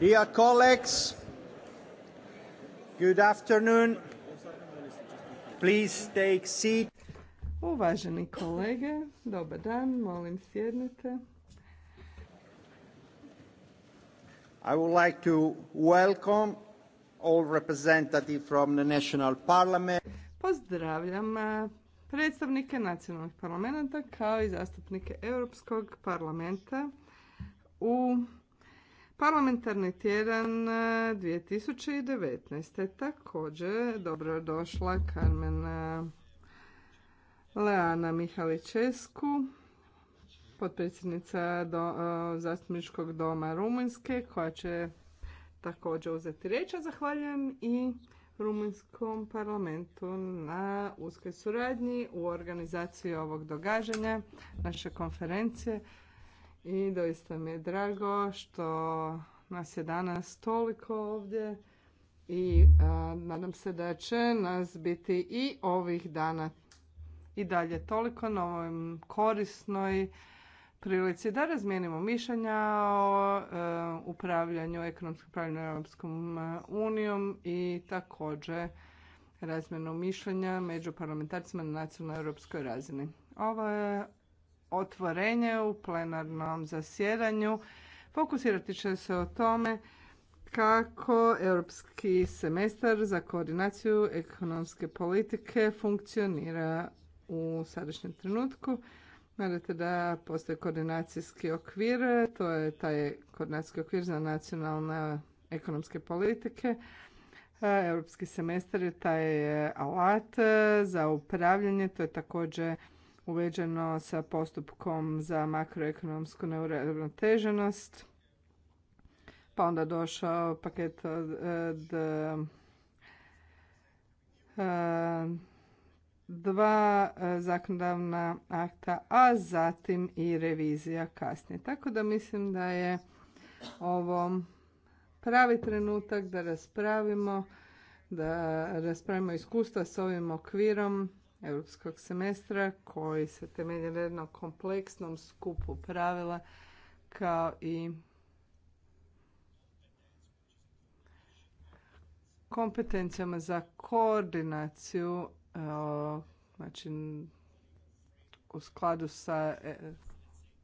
Dear colleagues, good afternoon. Please take seat. Uvaženi kolege, dobar dan, molim sjednite. I would like to welcome all representatives from the national parliament. Pozdravljam eh, predstavnike nacionalnih parlamenta kao i zastupnike Europskog parlamenta u Parlamentarni tjedan 2019. E, također dobro došla Carmen e, Leana Mihaličesku, potpredsjednica e, zastupničkog doma Rumunjske, koja će također uzeti riječ. Zahvaljujem i Rumunjskom parlamentu na uskoj suradnji u organizaciji ovog događanja, naše konferencije i doista mi je drago što nas je danas toliko ovdje i nadam se da će nas biti i ovih dana i dalje toliko na ovoj korisnoj prilici da razmijenimo mišljenja o e, upravljanju, ekonomskom upravljanju Europskom e, unijom i također razmjenu mišljenja među parlamentarcima na nacionalnoj europskoj razini. Ovo je otvorenje u plenarnom zasjedanju. Fokusirati će se o tome kako europski semestar za koordinaciju ekonomske politike funkcionira u sadašnjem trenutku. Nadate da postoje koordinacijski okvir, to je taj koordinacijski okvir za nacionalne ekonomske politike. Europski semestar je taj alat za upravljanje, to je također uveđeno sa postupkom za makroekonomsku neuravnoteženost. Pa onda došao paket od eh, dva zakonodavna akta, a zatim i revizija kasnije. Tako da mislim da je ovo pravi trenutak da raspravimo da raspravimo iskustva s ovim okvirom europskog semestra koji se temelji na jednom kompleksnom skupu pravila kao i kompetencijama za koordinaciju e, znači u skladu sa e,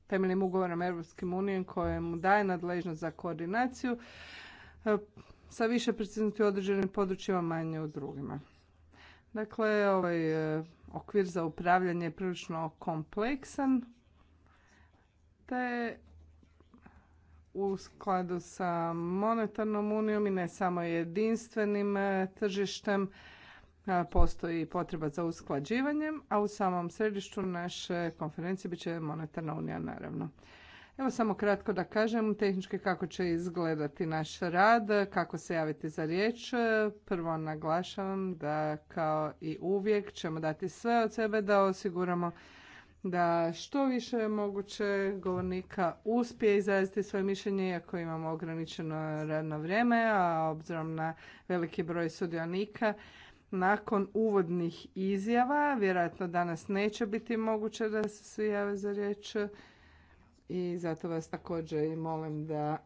temeljnim ugovorom Europskim unijom koje mu daje nadležnost za koordinaciju e, sa više preciznosti u određenim područjima, manje u drugima. Dakle, ovaj e, okvir za upravljanje je prilično kompleksan, te u skladu sa monetarnom unijom i ne samo jedinstvenim e, tržištem e, postoji potreba za usklađivanjem, a u samom središtu naše konferencije bit će monetarna unija naravno. Evo samo kratko da kažem tehnički kako će izgledati naš rad, kako se javiti za riječ. Prvo naglašavam da kao i uvijek ćemo dati sve od sebe da osiguramo da što više je moguće govornika uspije izraziti svoje mišljenje iako imamo ograničeno radno vrijeme, a obzirom na veliki broj sudionika nakon uvodnih izjava, vjerojatno danas neće biti moguće da se svi jave za riječ, i zato vas također i molim da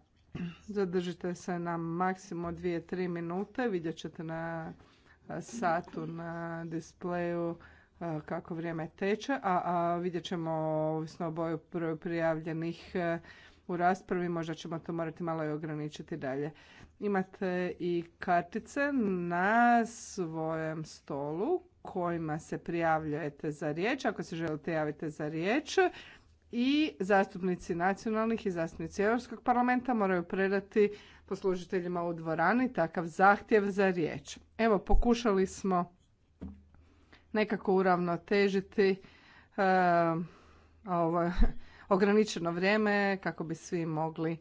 zadržite se na maksimum dvije, tri minute. Vidjet ćete na satu na displeju kako vrijeme teče, a, a vidjet ćemo ovisno o boju prijavljenih e, u raspravi, možda ćemo to morati malo i ograničiti dalje. Imate i kartice na svojem stolu kojima se prijavljujete za riječ. Ako se želite javiti za riječ, i zastupnici nacionalnih i zastupnici Europskog parlamenta moraju predati poslužiteljima u dvorani takav zahtjev za riječ. Evo, pokušali smo nekako uravnotežiti e, ovo ograničeno vrijeme kako bi svi mogli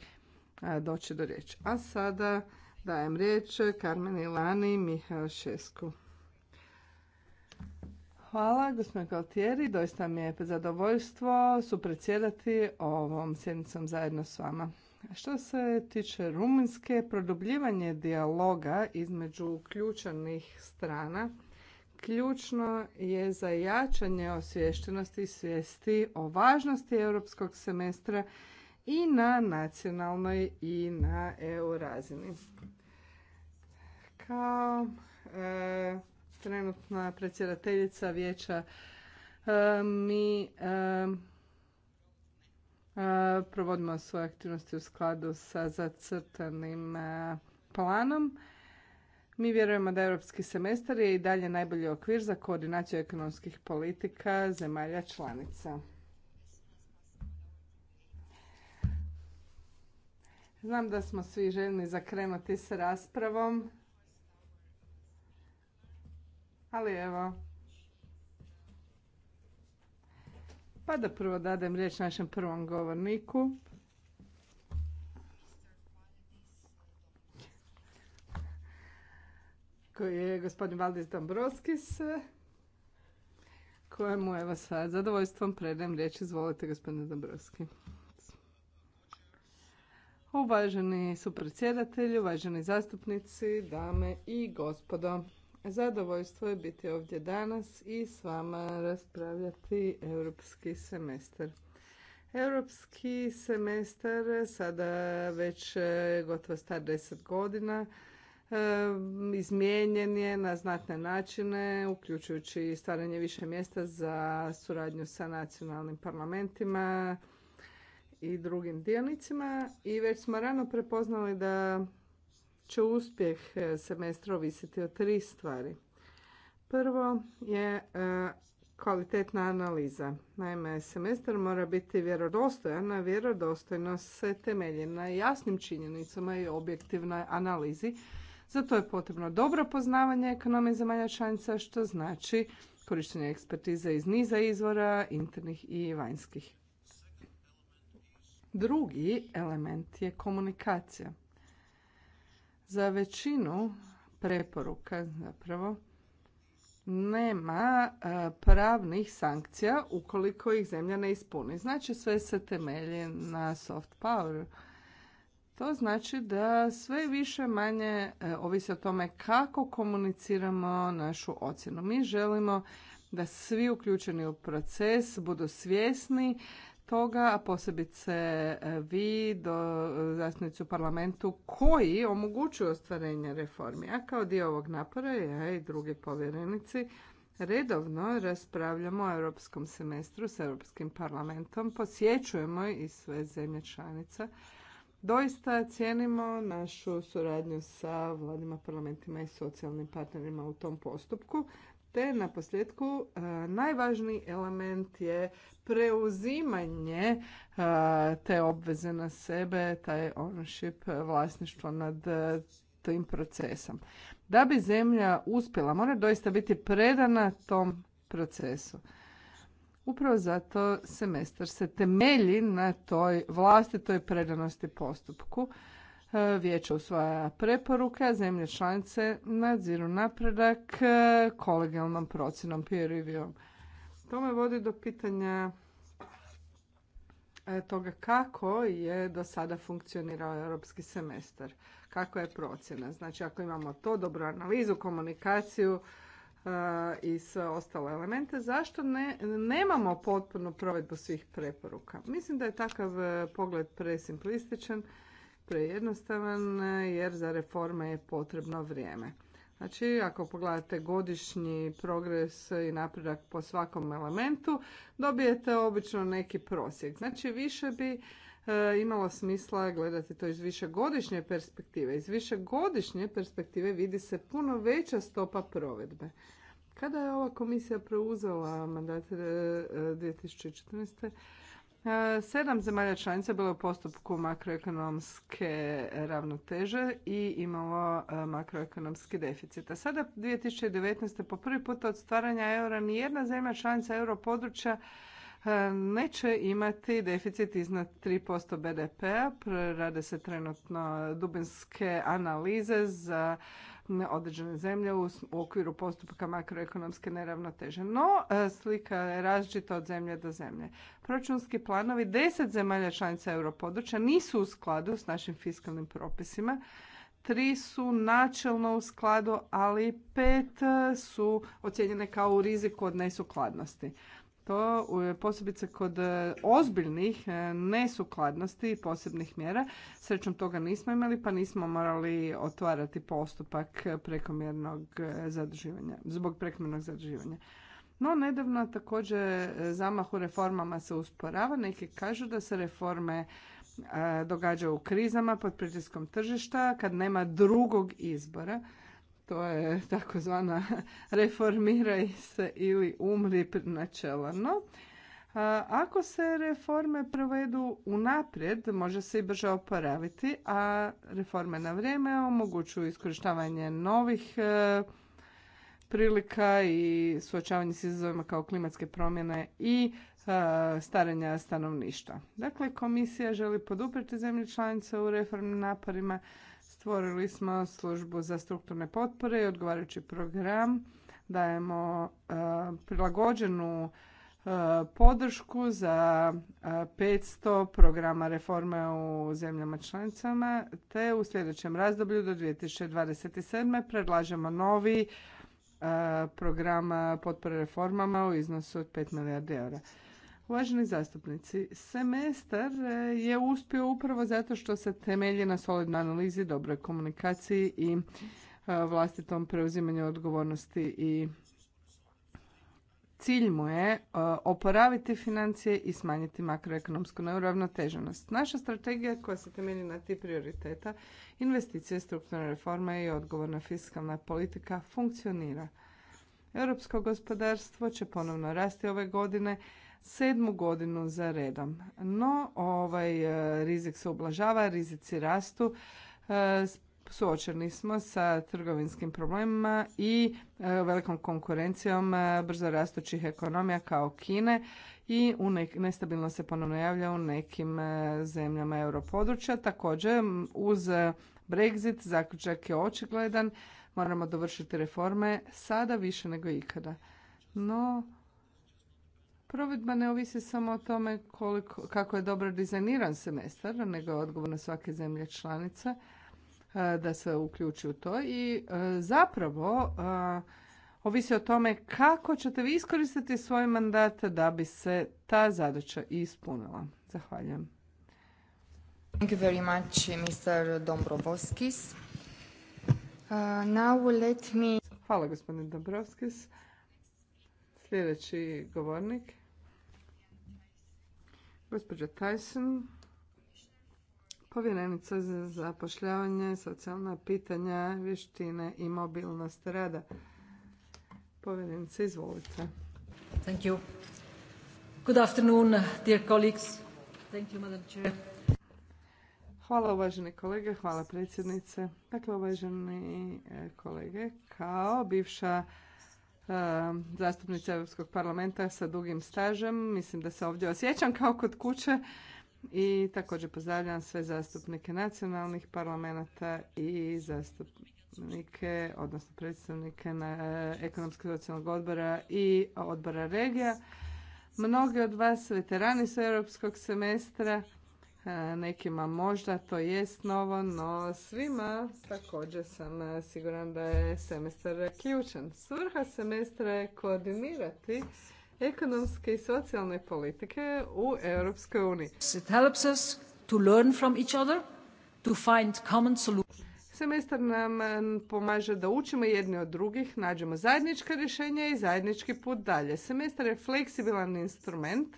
e, doći do riječi. A sada dajem riječ Karmen Ilani i Mihael Šesku. Hvala, gospodine Galtieri. Doista mi je zadovoljstvo supredsjedati ovom sjednicom zajedno s vama. Što se tiče Rumunjske, produbljivanje dijaloga između uključenih strana ključno je za jačanje osviještenosti i svijesti o važnosti europskog semestra i na nacionalnoj i na EU razini. Kao e, trenutna predsjedateljica vijeća e, mi e, e, provodimo svoje aktivnosti u skladu sa zacrtanim planom. Mi vjerujemo da europski semestar je i dalje najbolji okvir za koordinaciju ekonomskih politika zemalja članica. Znam da smo svi željni zakrenuti s raspravom ali evo, pa da prvo dadem riječ našem prvom govorniku. koji je gospodin Valdis Dombrovskis, kojemu evo sa zadovoljstvom predajem riječ. Izvolite, gospodine Dombrovski. Uvaženi su predsjedatelji, uvaženi zastupnici, dame i gospodo. Zadovoljstvo je biti ovdje danas i s vama raspravljati europski semestar. Europski semestar sada već e, gotovo star 10 godina e, izmijenjen je na znatne načine, uključujući stvaranje više mjesta za suradnju sa nacionalnim parlamentima i drugim dionicima i već smo rano prepoznali da će uspjeh e, semestra ovisiti o tri stvari. Prvo je e, kvalitetna analiza. Naime, semestar mora biti vjerodostojan, a vjerodostojnost se temelji na jasnim činjenicama i objektivnoj analizi. Zato je potrebno dobro poznavanje ekonomije zemalja članica, što znači korištenje ekspertize iz niza izvora, internih i vanjskih. Drugi element je komunikacija. Za većinu preporuka zapravo nema e, pravnih sankcija ukoliko ih zemlja ne ispuni. Znači sve se temelji na soft power. To znači da sve više manje e, ovisi o tome kako komuniciramo našu ocjenu. Mi želimo da svi uključeni u proces budu svjesni toga, a posebice e, vi, do e, zastupnici u parlamentu, koji omogućuju ostvarenje reformi. A kao dio ovog napora, ja i drugi povjerenici, redovno raspravljamo o europskom semestru s Europskim parlamentom, posjećujemo i sve zemlje članice. Doista cijenimo našu suradnju sa vladima, parlamentima i socijalnim partnerima u tom postupku te na posljedku e, najvažniji element je preuzimanje e, te obveze na sebe, taj ownership, e, vlasništvo nad tim procesom. Da bi zemlja uspjela, mora doista biti predana tom procesu. Upravo zato semestar se temelji na toj vlastitoj predanosti postupku E, vijeće usvaja preporuke, a zemlje članice nadziru napredak e, kolegijalnom procjenom peer review. To me vodi do pitanja e, toga kako je do sada funkcionirao europski semestar, kako je procjena. Znači ako imamo to, dobru analizu, komunikaciju i sve ostale elemente, zašto nemamo potpunu provedbu svih preporuka? Mislim da je takav pogled presimplističan prejednostavan eh, jer za reforme je potrebno vrijeme. Znači, ako pogledate godišnji progres i napredak po svakom elementu, dobijete obično neki prosjek. Znači, više bi eh, imalo smisla gledati to iz višegodišnje perspektive. Iz višegodišnje perspektive vidi se puno veća stopa provedbe. Kada je ova komisija preuzela mandat 2014. Eh, E, sedam zemalja članica bilo u postupku makroekonomske ravnoteže i imalo e, makroekonomski deficit. A sada 2019. po prvi put od stvaranja eura nijedna zemlja članica europodručja e, neće imati deficit iznad 3% BDP-a. Rade se trenutno dubinske analize za određene zemlje u okviru postupka makroekonomske neravnoteže. No, e, slika je različita od zemlje do zemlje. Proračunski planovi deset zemalja članica europodručja nisu u skladu s našim fiskalnim propisima. Tri su načelno u skladu, ali pet e, su ocijenjene kao u riziku od nesukladnosti to posebice kod e, ozbiljnih e, nesukladnosti i posebnih mjera. Srećom toga nismo imali pa nismo morali otvarati postupak prekomjernog e, zadrživanja, zbog prekomjernog zadrživanja. No, nedavno također zamah u reformama se usporava. Neki kažu da se reforme događaju u krizama pod pritiskom tržišta kad nema drugog izbora to je takozvana reformiraj se ili umri načelano. Ako se reforme provedu unaprijed, može se i brže oporaviti, a reforme na vrijeme omogućuju iskorištavanje novih e, prilika i suočavanje s izazovima kao klimatske promjene i e, starenja stanovništva. Dakle, komisija želi poduprijeti zemlje članice u reformnim naporima Stvorili smo službu za strukturne potpore i odgovarajući program. Dajemo e, prilagođenu e, podršku za 500 e, programa reforme u zemljama članicama, te u sljedećem razdoblju do 2027. predlažemo novi program potpore reformama u iznosu od 5 milijardi eura. Uvaženi zastupnici, semestar e, je uspio upravo zato što se temelji na solidnoj analizi, dobroj komunikaciji i e, vlastitom preuzimanju odgovornosti i cilj mu je e, oporaviti financije i smanjiti makroekonomsku neuravnoteženost. Naša strategija koja se temelji na ti prioriteta, investicije, strukturne reforme i odgovorna fiskalna politika funkcionira. Europsko gospodarstvo će ponovno rasti ove godine, sedmu godinu za redom. No, ovaj e, rizik se ublažava, rizici rastu. E, suočeni smo sa trgovinskim problemima i e, velikom konkurencijom brzo rastućih ekonomija kao Kine i u nek, nestabilno se ponovno javlja u nekim zemljama europodručja. Također, uz Brexit zaključak je očigledan, moramo dovršiti reforme sada više nego ikada. No, Provedba ne ovisi samo o tome koliko, kako je dobro dizajniran semestar, nego je odgovorna svake zemlje članice e, da se uključi u to i e, zapravo e, ovisi o tome kako ćete vi iskoristiti svoj mandat da bi se ta zadaća ispunila. Zahvaljujem. Thank you very much, Mr. Dombrovskis. Uh, now let me... Hvala, gospodine Dombrovskis. Sljedeći govornik Gospođa Tyson, povjerenica za zapošljavanje, socijalna pitanja, vještine i mobilnost rada. Povjerenice, izvolite. Thank you. dear colleagues. Thank you, Madam Chair. Hvala uvaženi kolege, hvala predsjednice. Dakle, uvaženi eh, kolege, kao bivša zastupnica Europskog parlamenta sa dugim stažem. Mislim da se ovdje osjećam kao kod kuće i također pozdravljam sve zastupnike nacionalnih parlamenta i zastupnike, odnosno predstavnike na e, ekonomskog socijalnog odbora i odbora regija. Mnogi od vas veterani su europskog semestra E, nekima možda to jest novo, no svima također sam e, siguran da je semestar ključan. Svrha semestra je koordinirati ekonomske i socijalne politike u Europskoj uniji. It Semestar nam e, pomaže da učimo jedni od drugih, nađemo zajednička rješenja i zajednički put dalje. Semestar je fleksibilan instrument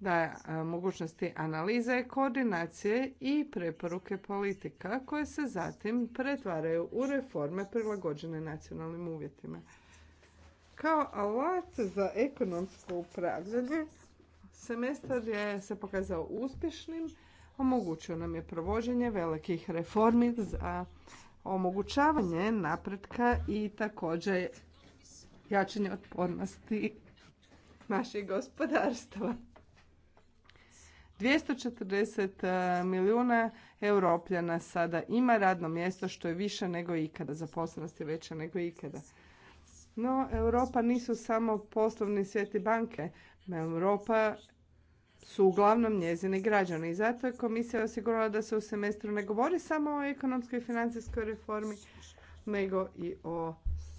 je mogućnosti analize, koordinacije i preporuke politika koje se zatim pretvaraju u reforme prilagođene nacionalnim uvjetima. Kao alat za ekonomsko upravljanje, semestar je se pokazao uspješnim, omogućio nam je provođenje velikih reformi za omogućavanje napretka i također jačanje otpornosti naših gospodarstva. 240 e, milijuna europljana sada ima radno mjesto što je više nego ikada, zaposlenost je veća nego ikada. No, Europa nisu samo poslovni svijeti banke, Europa su uglavnom njezini građani i zato je komisija osigurala da se u semestru ne govori samo o ekonomskoj i financijskoj reformi, nego i o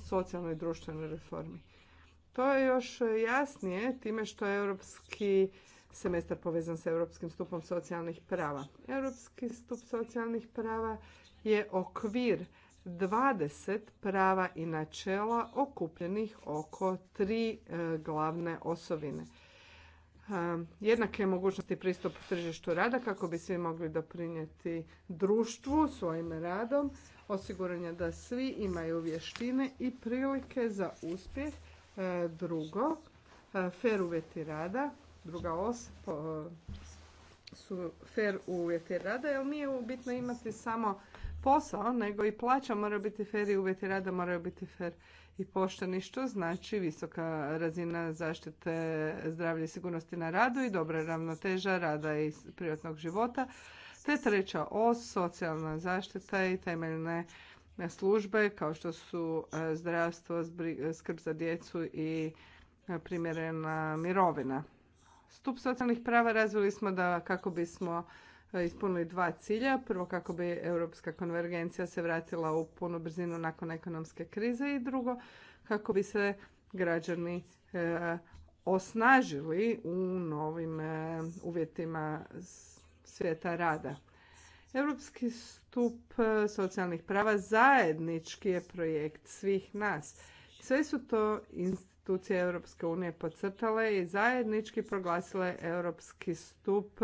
socijalnoj i društvenoj reformi. To je još jasnije time što je Europski semestar povezan sa Europskim stupom socijalnih prava. Europski stup socijalnih prava je okvir 20 prava i načela okupljenih oko tri e, glavne osovine. E, Jednake mogućnosti pristup tržištu rada kako bi svi mogli doprinijeti društvu svojim radom, osiguranje da svi imaju vještine i prilike za uspjeh. E, drugo, fer uvjeti rada druga os e, su fer uvjeti rada, jer nije bitno imati samo posao, nego i plaća mora biti fer i uvjeti rada moraju biti fer i pošteni, što znači visoka razina zaštite zdravlja i sigurnosti na radu i dobra ravnoteža rada i privatnog života, te treća os, socijalna zaštita i temeljne službe kao što su e, zdravstvo, skrb za djecu i e, primjerena mirovina stup socijalnih prava razvili smo da kako bismo e, ispunili dva cilja. Prvo kako bi europska konvergencija se vratila u punu brzinu nakon ekonomske krize i drugo kako bi se građani e, osnažili u novim e, uvjetima svijeta rada. Europski stup socijalnih prava zajednički je projekt svih nas. Sve su to institucije Europske unije podcrtale i zajednički proglasile europski stup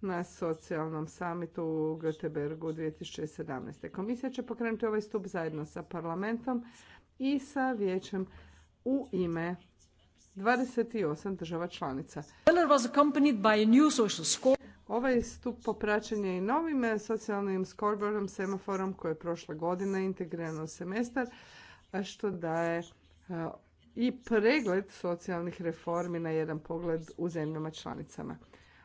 na socijalnom samitu u Göteborgu 2017. Komisija će pokrenuti ovaj stup zajedno sa parlamentom i sa vijećem u ime 28 država članica. Ovaj stup popraćen je i novim socijalnim scoreboardom, semaforom koji je prošle godine integrirano u semestar, što daje e, i pregled socijalnih reformi na jedan pogled u zemljama članicama.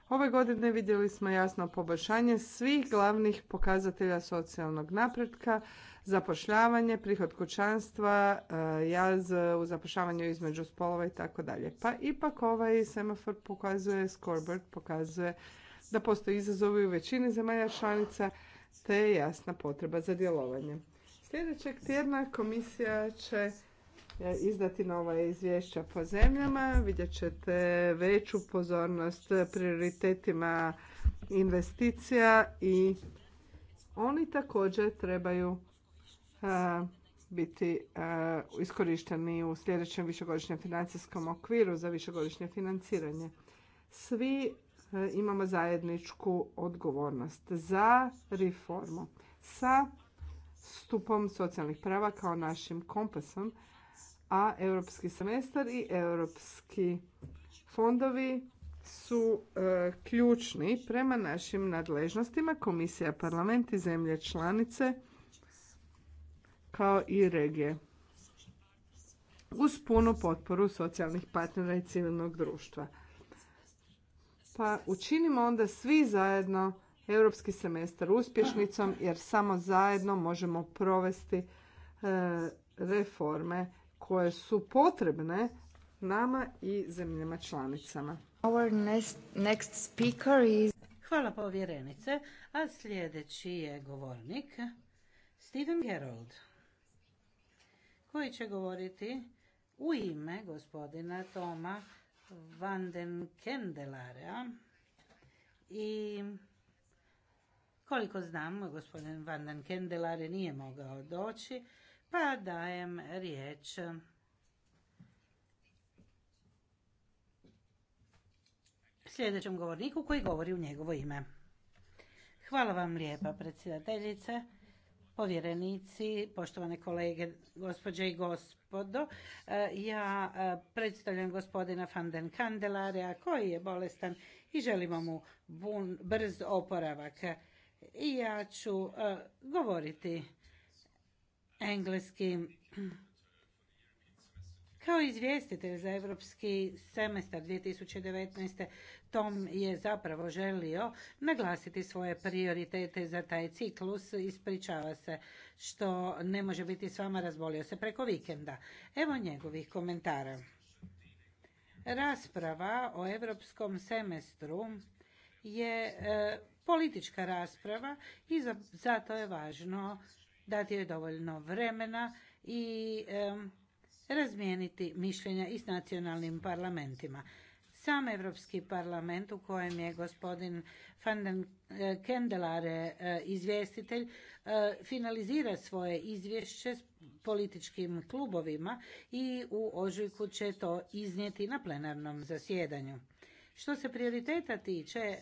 Ove godine vidjeli smo jasno poboljšanje svih glavnih pokazatelja socijalnog napretka, zapošljavanje, prihod kućanstva, e, jaz u zapošljavanju između spolova i tako dalje. Pa ipak ovaj semafor pokazuje, scoreboard pokazuje da postoji izazovi u većini zemalja članica te je jasna potreba za djelovanje. Sljedećeg tjedna komisija će E, izdati nova izvješća po zemljama. Vidjet ćete veću pozornost prioritetima investicija i oni također trebaju e, biti e, iskorišteni u sljedećem višegodišnjem financijskom okviru za višegodišnje financiranje. Svi imamo zajedničku odgovornost za reformu sa stupom socijalnih prava kao našim kompasom a europski semestar i europski fondovi su e, ključni prema našim nadležnostima komisija parlament i zemlje članice kao i regije uz punu potporu socijalnih partnera i civilnog društva pa učinimo onda svi zajedno europski semestar uspješnicom jer samo zajedno možemo provesti e, reforme koje su potrebne nama i zemljama članicama. Hvala povjerenice, a sljedeći je govornik Stephen Gerald. koji će govoriti u ime gospodina Toma Vanden Kendelarea i koliko znam, gospodin Vanden Kendelare nije mogao doći, pa dajem riječ. Sljedećem govorniku koji govori u njegovo ime. Hvala vam lijepa predsjedateljice, povjerenici, poštovane kolege, gospođe i gospodo. E, ja e, predstavljam gospodina van den Kandelarea koji je bolestan i želimo mu brz oporavak. I ja ću e, govoriti engleski. Kao izvjestitelj za europski semestar 2019. Tom je zapravo želio naglasiti svoje prioritete za taj ciklus. Ispričava se što ne može biti s vama, razbolio se preko vikenda. Evo njegovih komentara. Rasprava o europskom semestru je e, politička rasprava i zato je važno dati joj dovoljno vremena i razmijeniti mišljenja i s nacionalnim parlamentima. Sam Europski parlament u kojem je gospodin van den eh, eh, izvjestitelj eh, finalizira svoje izvješće s političkim klubovima i u ožujku će to iznijeti na plenarnom zasjedanju. Što se prioriteta tiče,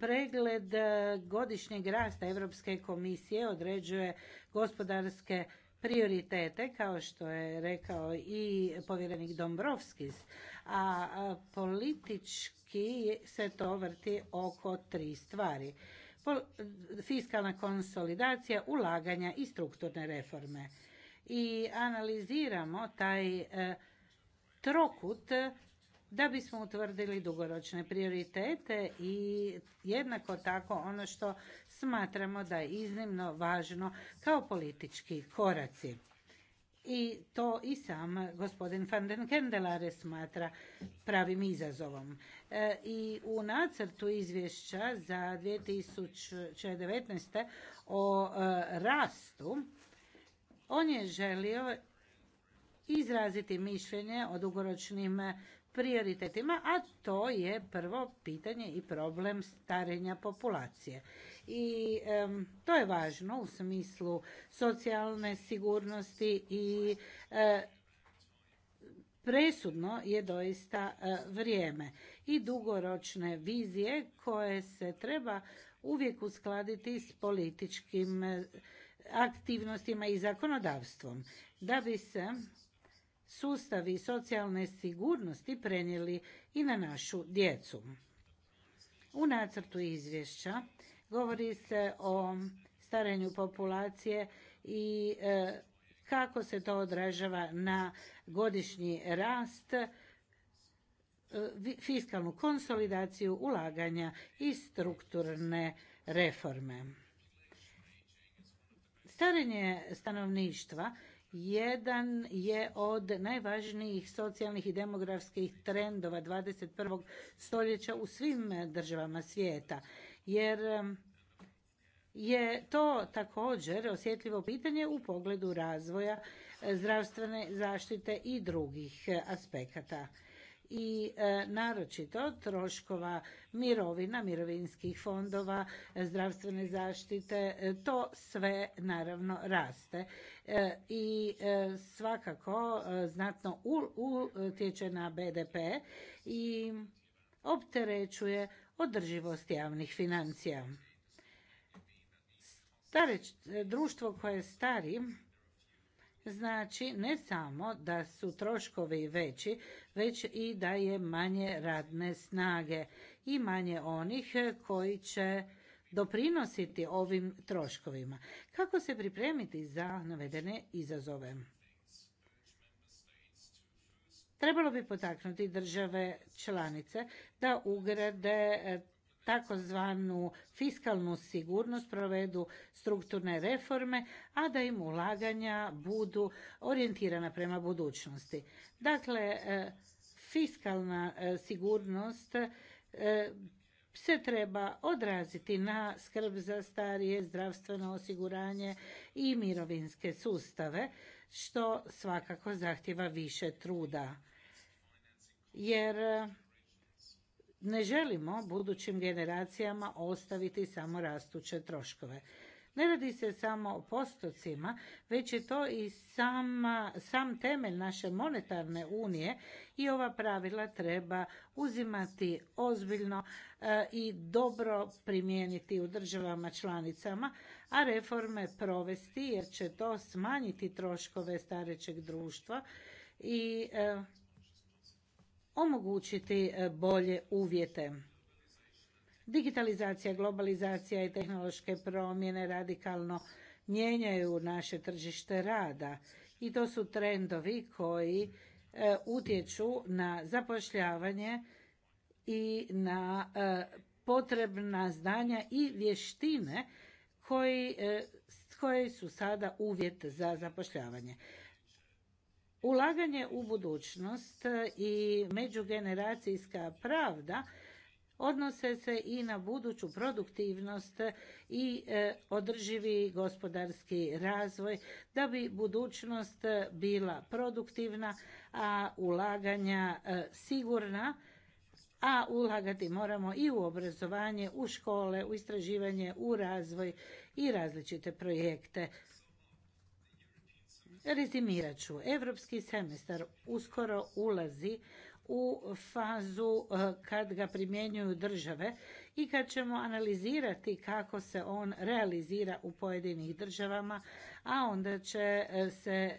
Pregled e, godišnjeg rasta Europske komisije određuje gospodarske prioritete, kao što je rekao i povjerenik Dombrovskis, a politički se to vrti oko tri stvari. Fiskalna konsolidacija, ulaganja i strukturne reforme. I analiziramo taj e, trokut da bismo utvrdili dugoročne prioritete i jednako tako ono što smatramo da je iznimno važno kao politički koraci. I to i sam gospodin van den smatra pravim izazovom. E, I u nacrtu izvješća za 2019. o e, rastu on je želio izraziti mišljenje o dugoročnim prioritetima, a to je prvo pitanje i problem starenja populacije. I to je važno u smislu socijalne sigurnosti i e, presudno je doista e, vrijeme i dugoročne vizije koje se treba uvijek uskladiti s političkim e, aktivnostima i zakonodavstvom da bi se sustavi socijalne sigurnosti prenijeli i na našu djecu. U nacrtu izvješća govori se o starenju populacije i e, kako se to odražava na godišnji rast, e, fiskalnu konsolidaciju, ulaganja i strukturne reforme. Starenje stanovništva jedan je od najvažnijih socijalnih i demografskih trendova 21. stoljeća u svim državama svijeta jer je to također osjetljivo pitanje u pogledu razvoja e, zdravstvene zaštite i drugih e, aspekata i e, naročito troškova mirovina, mirovinskih fondova, zdravstvene zaštite, e, to sve naravno raste e, i svakako znatno utječe na BDP i opterećuje održivost javnih financija. Stare, društvo koje je stari znači ne samo da su troškovi veći, već i da je manje radne snage i manje onih koji će doprinositi ovim troškovima. Kako se pripremiti za navedene izazove? Trebalo bi potaknuti države članice da ugrade takozvanu fiskalnu sigurnost, provedu strukturne reforme, a da im ulaganja budu orijentirana prema budućnosti. Dakle, e, fiskalna e, sigurnost e, se treba odraziti na skrb za starije, zdravstveno osiguranje i mirovinske sustave, što svakako zahtjeva više truda. Jer ne želimo budućim generacijama ostaviti samo rastuće troškove. Ne radi se samo o postocima, već je to i sam temelj naše monetarne unije i ova pravila treba uzimati ozbiljno e, i dobro primijeniti u državama članicama, a reforme provesti jer će to smanjiti troškove starećeg društva i e, omogućiti e, bolje uvjete. Digitalizacija, globalizacija i tehnološke promjene radikalno mijenjaju naše tržište rada i to su trendovi koji e, utječu na zapošljavanje i na e, potrebna znanja i vještine koji, koji su sada uvjet za zapošljavanje. Ulaganje u budućnost i međugeneracijska pravda odnose se i na buduću produktivnost i e, održivi gospodarski razvoj da bi budućnost bila produktivna, a ulaganja e, sigurna, a ulagati moramo i u obrazovanje, u škole, u istraživanje, u razvoj i različite projekte. Rezimirat ću. Evropski semestar uskoro ulazi u fazu eh, kad ga primjenjuju države i kad ćemo analizirati kako se on realizira u pojedinih državama, a onda će eh, se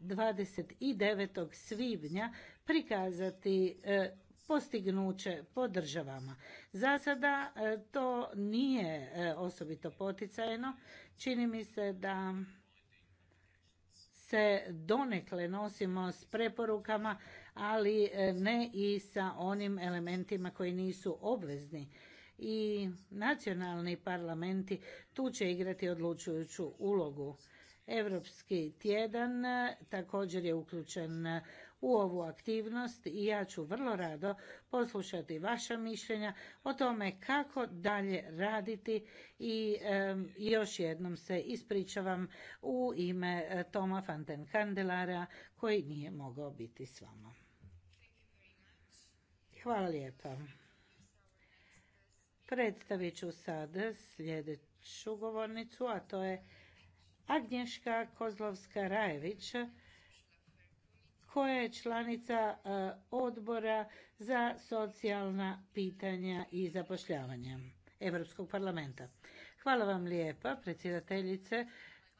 29. svibnja prikazati eh, postignuće po državama. Za sada to nije osobito poticajno. Čini mi se da se donekle nosimo s preporukama, ali e, ne i sa onim elementima koji nisu obvezni. I nacionalni parlamenti tu će igrati odlučujuću ulogu. Europski tjedan e, također je uključen u ovu aktivnost i ja ću vrlo rado poslušati vaša mišljenja o tome kako dalje raditi i još jednom se ispričavam u ime e, Toma Fanten Kandelara koji nije mogao biti s vama. Hvala lijepa. Predstavit ću sad sljedeću govornicu, a to je Agnješka kozlovska rajevića koja je članica e, odbora za socijalna pitanja i zapošljavanje Europskog parlamenta. Hvala vam lijepa, predsjedateljice,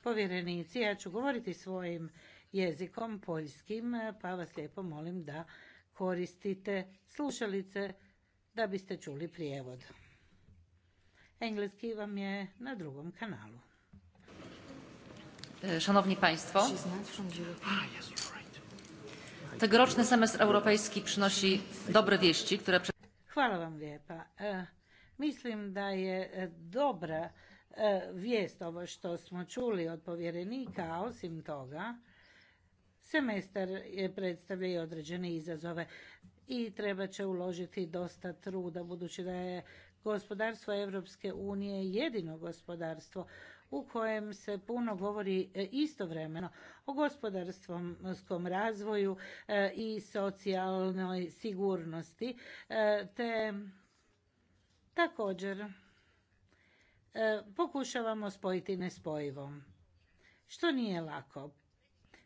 povjerenici. Ja ću govoriti svojim jezikom, poljskim, pa vas lijepo molim da koristite slušalice da biste čuli prijevod. Engleski vam je na drugom kanalu. Szanowni e, Państwo, Tegoroczny semestr europejski przynosi dobre wieści, które... Hvala vam lijepa. E, mislim da je e, dobra e, vijest ovo što smo čuli od povjerenika, a osim toga semestar je predstavlja i određene izazove i treba će uložiti dosta truda budući da je gospodarstvo Europske unije jedino gospodarstvo u kojem se puno govori e, istovremeno o gospodarskom razvoju e, i socijalnoj sigurnosti e, te također pokušavamo spojiti nespojivom. što nije lako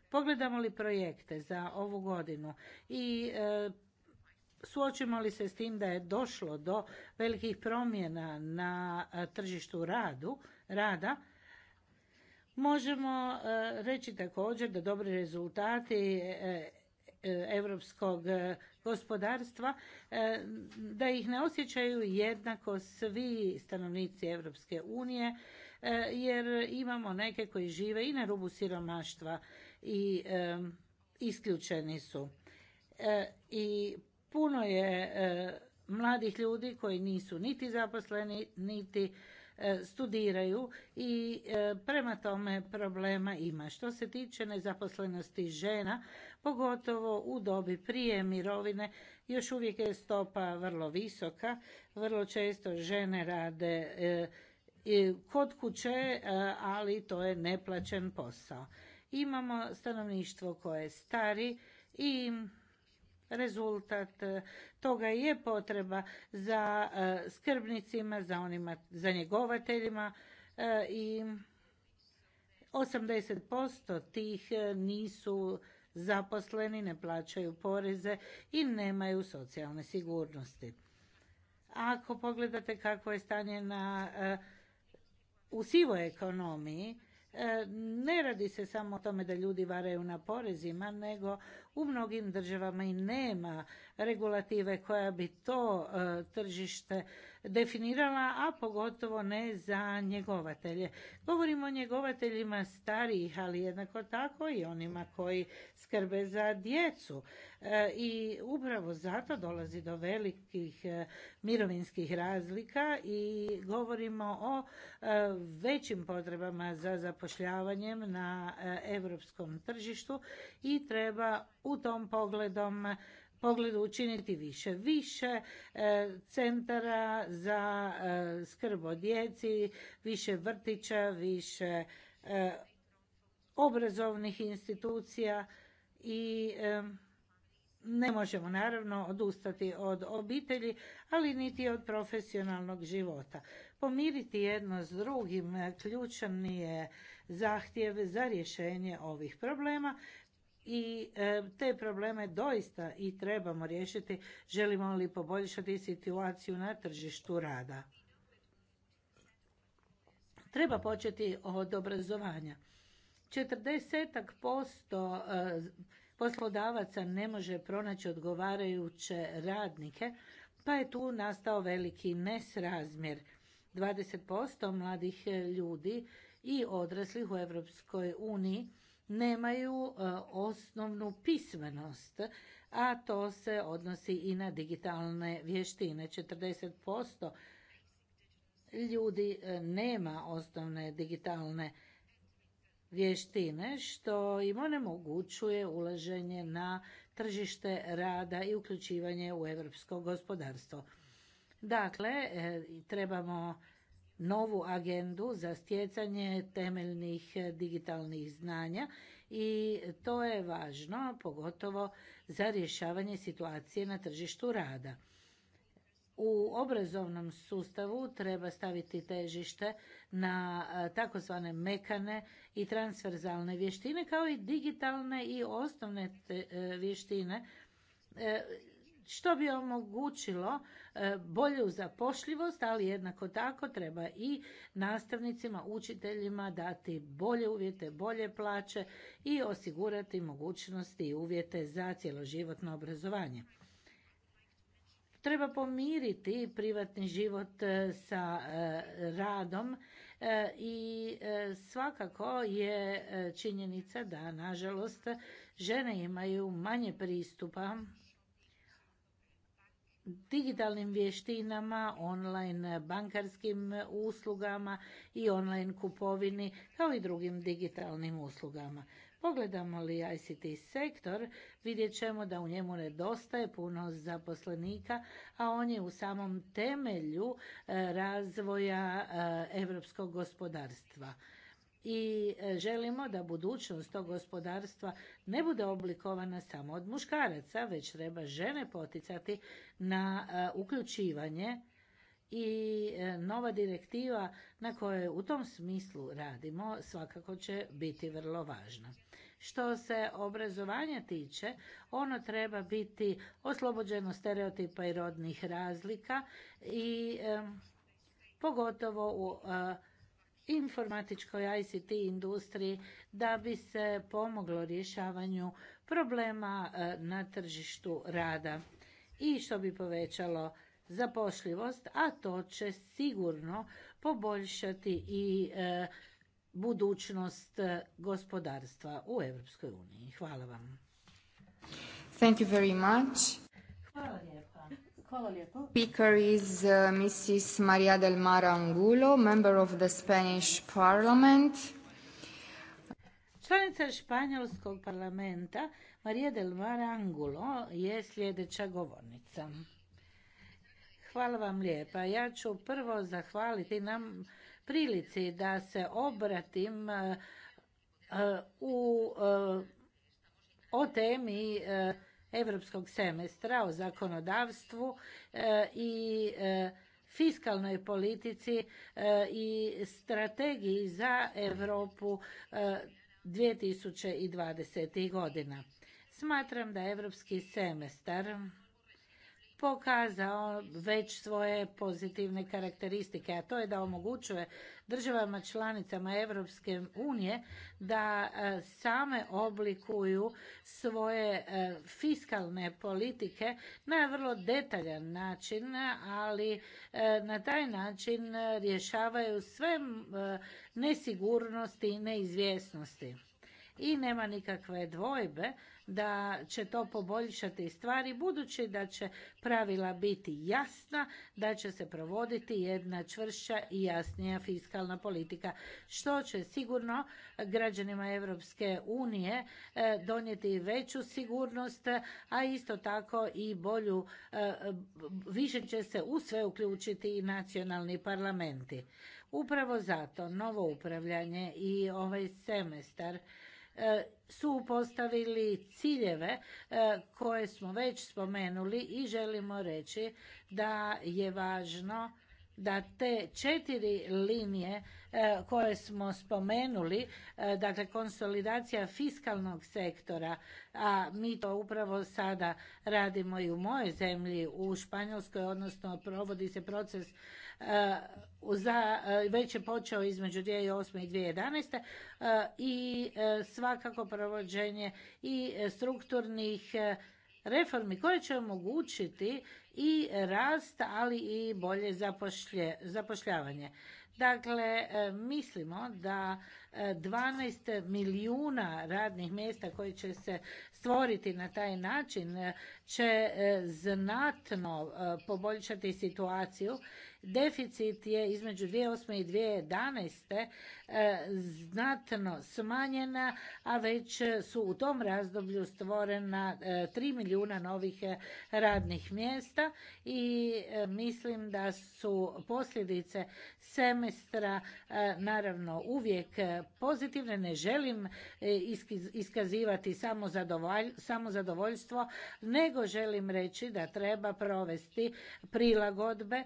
pogledamo li projekte za ovu godinu i suočimo li se s tim da je došlo do velikih promjena na tržištu rada Možemo e, reći također da dobri rezultati europskog e, e, gospodarstva, da ih ne osjećaju jednako svi stanovnici Europske unije, jer imamo neke koji žive i na rubu siromaštva i isključeni su. I puno je mladih ljudi koji nisu niti zaposleni, niti E, studiraju i e, prema tome problema ima. Što se tiče nezaposlenosti žena, pogotovo u dobi prije mirovine, još uvijek je stopa vrlo visoka. Vrlo često žene rade e, kod kuće, ali to je neplaćen posao. Imamo stanovništvo koje je stari i rezultat toga je potreba za e, skrbnicima, za onima, za njegovateljima e, i 80% tih e, nisu zaposleni, ne plaćaju poreze i nemaju socijalne sigurnosti. Ako pogledate kako je stanje na, u sivoj ekonomiji, ne radi se samo o tome da ljudi varaju na porezima, nego u mnogim državama i nema regulative koja bi to e, tržište definirala, a pogotovo ne za njegovatelje. Govorimo o njegovateljima starijih, ali jednako tako i onima koji skrbe za djecu. E, I upravo zato dolazi do velikih e, mirovinskih razlika i govorimo o većim potrebama za zapošljavanjem na europskom tržištu i treba u tom pogledom pogledu učiniti više. Više e, centara za e, skrb o djeci, više vrtića, više e, obrazovnih institucija i ne možemo naravno odustati od obitelji, ali niti od profesionalnog života. Pomiriti jedno s drugim ključan je zahtjev za rješenje ovih problema i e, te probleme doista i trebamo riješiti želimo li poboljšati situaciju na tržištu rada. Treba početi od obrazovanja. 40% e, poslodavaca ne može pronaći odgovarajuće radnike, pa je tu nastao veliki nesrazmjer. 20% mladih ljudi i odraslih u Europskoj uniji nemaju e, osnovnu pismenost, a to se odnosi i na digitalne vještine. 40% ljudi e, nema osnovne digitalne vještine što im onemogućuje ulaženje na tržište rada i uključivanje u evropsko gospodarstvo. Dakle, e, trebamo novu agendu za stjecanje temeljnih digitalnih znanja i to je važno pogotovo za rješavanje situacije na tržištu rada. U obrazovnom sustavu treba staviti težište na takozvane mekane i transverzalne vještine kao i digitalne i osnovne e, vještine e, što bi omogućilo e, bolju zapošljivost, ali jednako tako treba i nastavnicima, učiteljima dati bolje uvjete, bolje plaće i osigurati mogućnosti i uvjete za cjeloživotno obrazovanje. Treba pomiriti privatni život e, sa e, radom i svakako je činjenica da nažalost žene imaju manje pristupa digitalnim vještinama, online bankarskim uslugama i online kupovini kao i drugim digitalnim uslugama. Pogledamo li ICT sektor, vidjet ćemo da u njemu nedostaje puno zaposlenika, a on je u samom temelju e, razvoja europskog gospodarstva i e, želimo da budućnost tog gospodarstva ne bude oblikovana samo od muškaraca, već treba žene poticati na e, uključivanje i e, nova direktiva na kojoj u tom smislu radimo svakako će biti vrlo važna. Što se obrazovanja tiče, ono treba biti oslobođeno stereotipa i rodnih razlika i pogotovo u informatičkoj ICT industriji da bi se pomoglo rješavanju problema e, na tržištu rada i što bi povećalo zapošljivost, a to će sigurno poboljšati i e, budućnost gospodarstva u Europskoj uniji. Hvala vam. Thank you very much. Hvala lijepa. Hvala lijepo. Speaker is uh, Mrs. Maria del Mar Angulo, member of the Spanish Parliament. Članica Španjolskog parlamenta Maria del Mar Angulo je sljedeća govornica. Hvala vam lijepa. Ja ću prvo zahvaliti nam prilici da se obratim uh, uh, u uh, o temi uh, europskog semestra o zakonodavstvu e, i e, fiskalnoj politici e, i strategiji za Europu 2020. godina. Smatram da europski semestar pokazao već svoje pozitivne karakteristike, a to je da omogućuje državama članicama Europske unije da e, same oblikuju svoje e, fiskalne politike na vrlo detaljan način, ali e, na taj način rješavaju sve nesigurnosti i neizvjesnosti i nema nikakve dvojbe da će to poboljšati stvari budući da će pravila biti jasna, da će se provoditi jedna čvršća i jasnija fiskalna politika što će sigurno građanima Europske unije e, donijeti veću sigurnost, a isto tako i bolju e, više će se u sve uključiti i nacionalni parlamenti. Upravo zato novo upravljanje i ovaj semestar E, su postavili ciljeve e, koje smo već spomenuli i želimo reći da je važno da te četiri linije e, koje smo spomenuli, dakle konsolidacija fiskalnog sektora, a mi to upravo sada radimo i u mojoj zemlji, u Španjolskoj, odnosno provodi se proces za, e, već je počeo između 2008. i 2011. E, i e, svakako provođenje i strukturnih reformi koje će omogućiti i rast, ali i bolje zapošljavanje. Dakle, mislimo da 12 milijuna radnih mjesta koji će se stvoriti na taj način e, će e, znatno e, poboljšati situaciju. Deficit je između 2008. i 2011. znatno smanjena, a već su u tom razdoblju stvorena 3 milijuna novih radnih mjesta i mislim da su posljedice semestra naravno uvijek pozitivne, ne želim e, iskazivati samo zadovoljstvo, nego želim reći da treba provesti prilagodbe, e,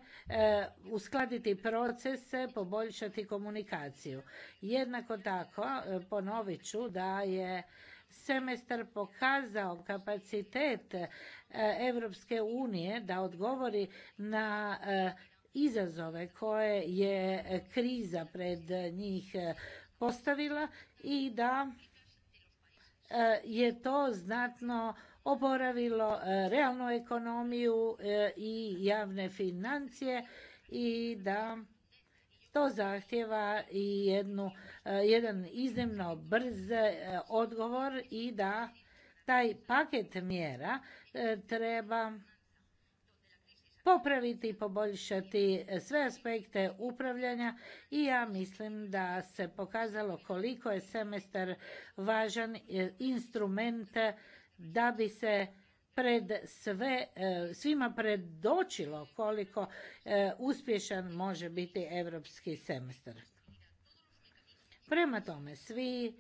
uskladiti procese, poboljšati komunikaciju. Jednako tako e, ponovit ću da je semestar pokazao kapacitet Europske unije da odgovori na izazove koje je kriza pred njih postavila i da e, je to znatno oporavilo e, realnu ekonomiju e, i javne financije i da to zahtjeva i jednu, jedan iznimno brz odgovor i da taj paket mjera treba popraviti i poboljšati sve aspekte upravljanja i ja mislim da se pokazalo koliko je semestar važan e, instrument da bi se pred sve, e, svima predočilo koliko e, uspješan može biti europski semestar. Prema tome, svi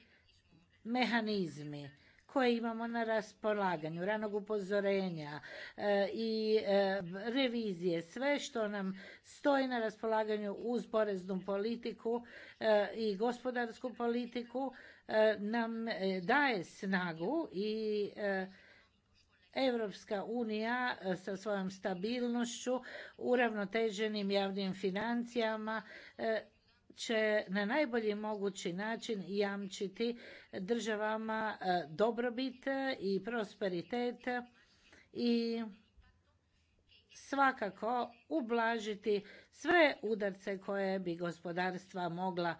mehanizmi koje imamo na raspolaganju, ranog upozorenja e, i e, revizije, sve što nam stoji na raspolaganju uz poreznu politiku e, i gospodarsku politiku nam daje snagu i Europska unija sa svojom stabilnošću, uravnoteženim javnim financijama će na najbolji mogući način jamčiti državama e, dobrobit i prosperitet i svakako ublažiti sve udarce koje bi gospodarstva mogla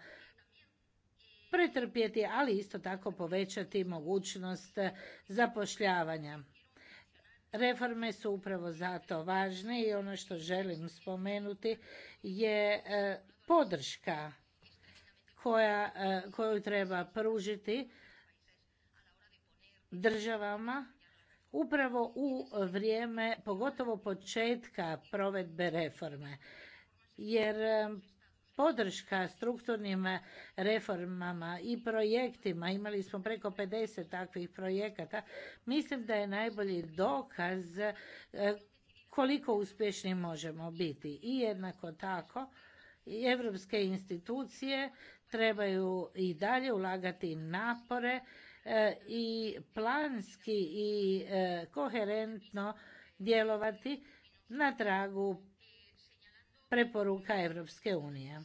pretrpjeti, ali isto tako povećati mogućnost zapošljavanja. Reforme su upravo zato važne i ono što želim spomenuti je e, podrška koja, e, koju treba pružiti državama upravo u vrijeme, pogotovo početka provedbe reforme. Jer e, podrška strukturnim reformama i projektima, imali smo preko 50 takvih projekata, mislim da je najbolji dokaz e, koliko uspješni možemo biti. I jednako tako, i evropske institucije trebaju i dalje ulagati napore e, i planski i e, koherentno djelovati na tragu preporuka Europske unije.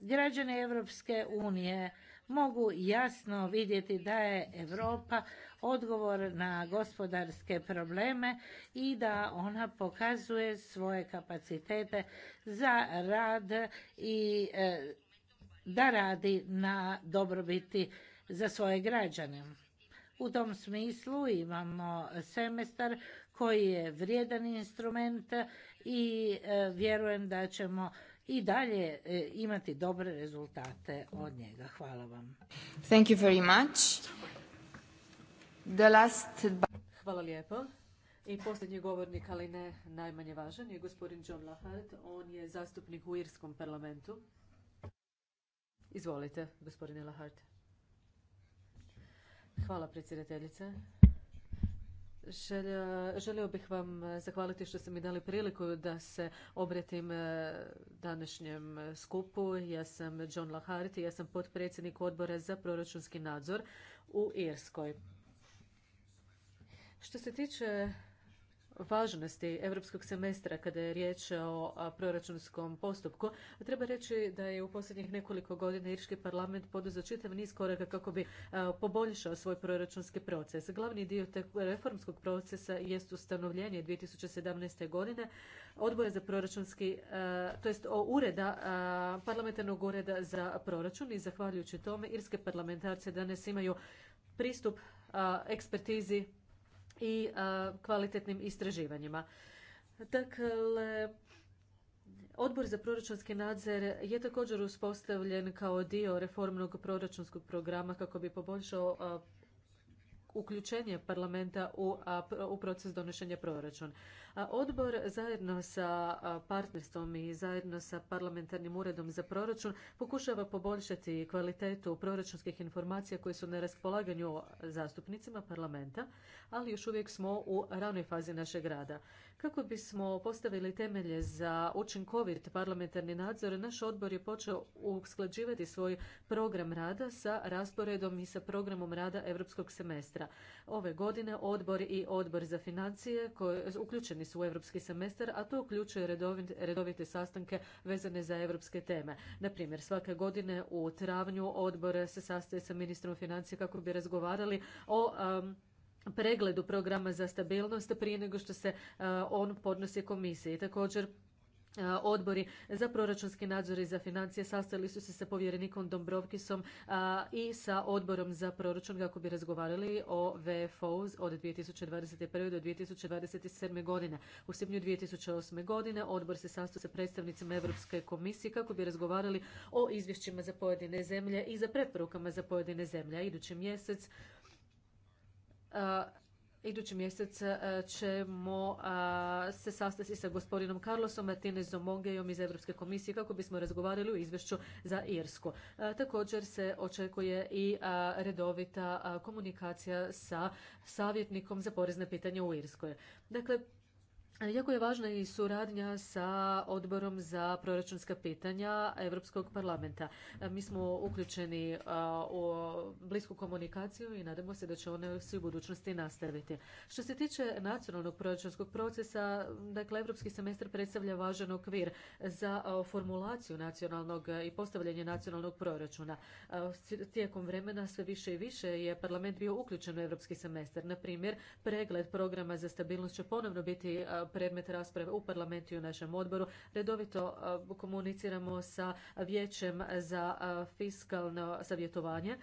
Građani Evropske unije mogu jasno vidjeti da je Europa odgovor na gospodarske probleme i da ona pokazuje svoje kapacitete za rad i e, da radi na dobrobiti za svoje građane. U tom smislu imamo semestar koji je vrijedan instrument i e, vjerujem da ćemo i dalje e, imati dobre rezultate od njega. Hvala vam. Thank you very much. The last... Hvala lijepo. I posljednji govornik, ali ne najmanje važan, je gospodin John Lahart. On je zastupnik u Irskom parlamentu. Izvolite, gospodine Lahart. Hvala, predsjedateljice. Želio, želio bih vam e, zahvaliti što ste mi dali priliku da se obratim e, današnjem skupu. Ja sam John i ja sam potpredsjednik odbora za proračunski nadzor u Irskoj. Što se tiče važnosti europskog semestra kada je riječ o proračunskom postupku, treba reći da je u posljednjih nekoliko godina Irski parlament poduzeo čitav niz koraka kako bi poboljšao svoj proračunski proces. Glavni dio te reformskog procesa jest ustanovljenje 2017. godine odbora za proračunski, to jest ureda, parlamentarnog ureda za proračun i zahvaljujući tome irske parlamentarce danas imaju pristup ekspertizi i e, kvalitetnim istraživanjima. Dakle, Odbor za proračunski nadzor je također uspostavljen kao dio reformnog proračunskog programa kako bi poboljšao e, uključenje parlamenta u, proces donošenja proračuna. Odbor zajedno sa partnerstvom i zajedno sa parlamentarnim uredom za proračun pokušava poboljšati kvalitetu proračunskih informacija koje su na raspolaganju zastupnicima parlamenta, ali još uvijek smo u ranoj fazi našeg rada. Kako bismo postavili temelje za učinkovit parlamentarni nadzor, naš odbor je počeo usklađivati svoj program rada sa rasporedom i sa programom rada europskog semestra. Ove godine odbor i odbor za financije uključeni su u europski semestar, a to uključuje redovite, sastanke vezane za europske teme. Na svake godine u travnju odbor se sastaje sa ministrom financija kako bi razgovarali o um, pregledu programa za stabilnost prije nego što se uh, on podnosi komisiji. Također E, odbori za proračunski nadzor i za financije sastali su se sa povjerenikom Dombrovkisom i sa odborom za proračun kako bi razgovarali o VFO od 2021. do 2027. godine. U svibnju 2008. godine odbor se sastao sa predstavnicima Europske komisije kako bi razgovarali o izvješćima za pojedine zemlje i za preporukama za pojedine zemlje. Idući mjesec Idući mjesec e, ćemo se sastati sa gospodinom Carlosom Martinezom Mongejom iz Europske komisije kako bismo razgovarali o izvješću za Irsku. E, također se očekuje i redovita komunikacija sa savjetnikom za porezne pitanje u Irskoj. Dakle, Jako je važna i suradnja sa odborom za proračunska pitanja Europskog parlamenta. E, mi smo uključeni e, u blisku komunikaciju i nadamo se da će one svi u budućnosti nastaviti. Što se tiče nacionalnog proračunskog procesa, dakle, Europski semestar predstavlja važan okvir za e, formulaciju nacionalnog i postavljanje nacionalnog proračuna. Tijekom vremena sve više i više je parlament bio uključen u Europski semestar. Na primjer, pregled programa za stabilnost će ponovno biti predmet rasprave u parlamentu i u našem odboru. Redovito komuniciramo sa vijećem za fiskalno savjetovanje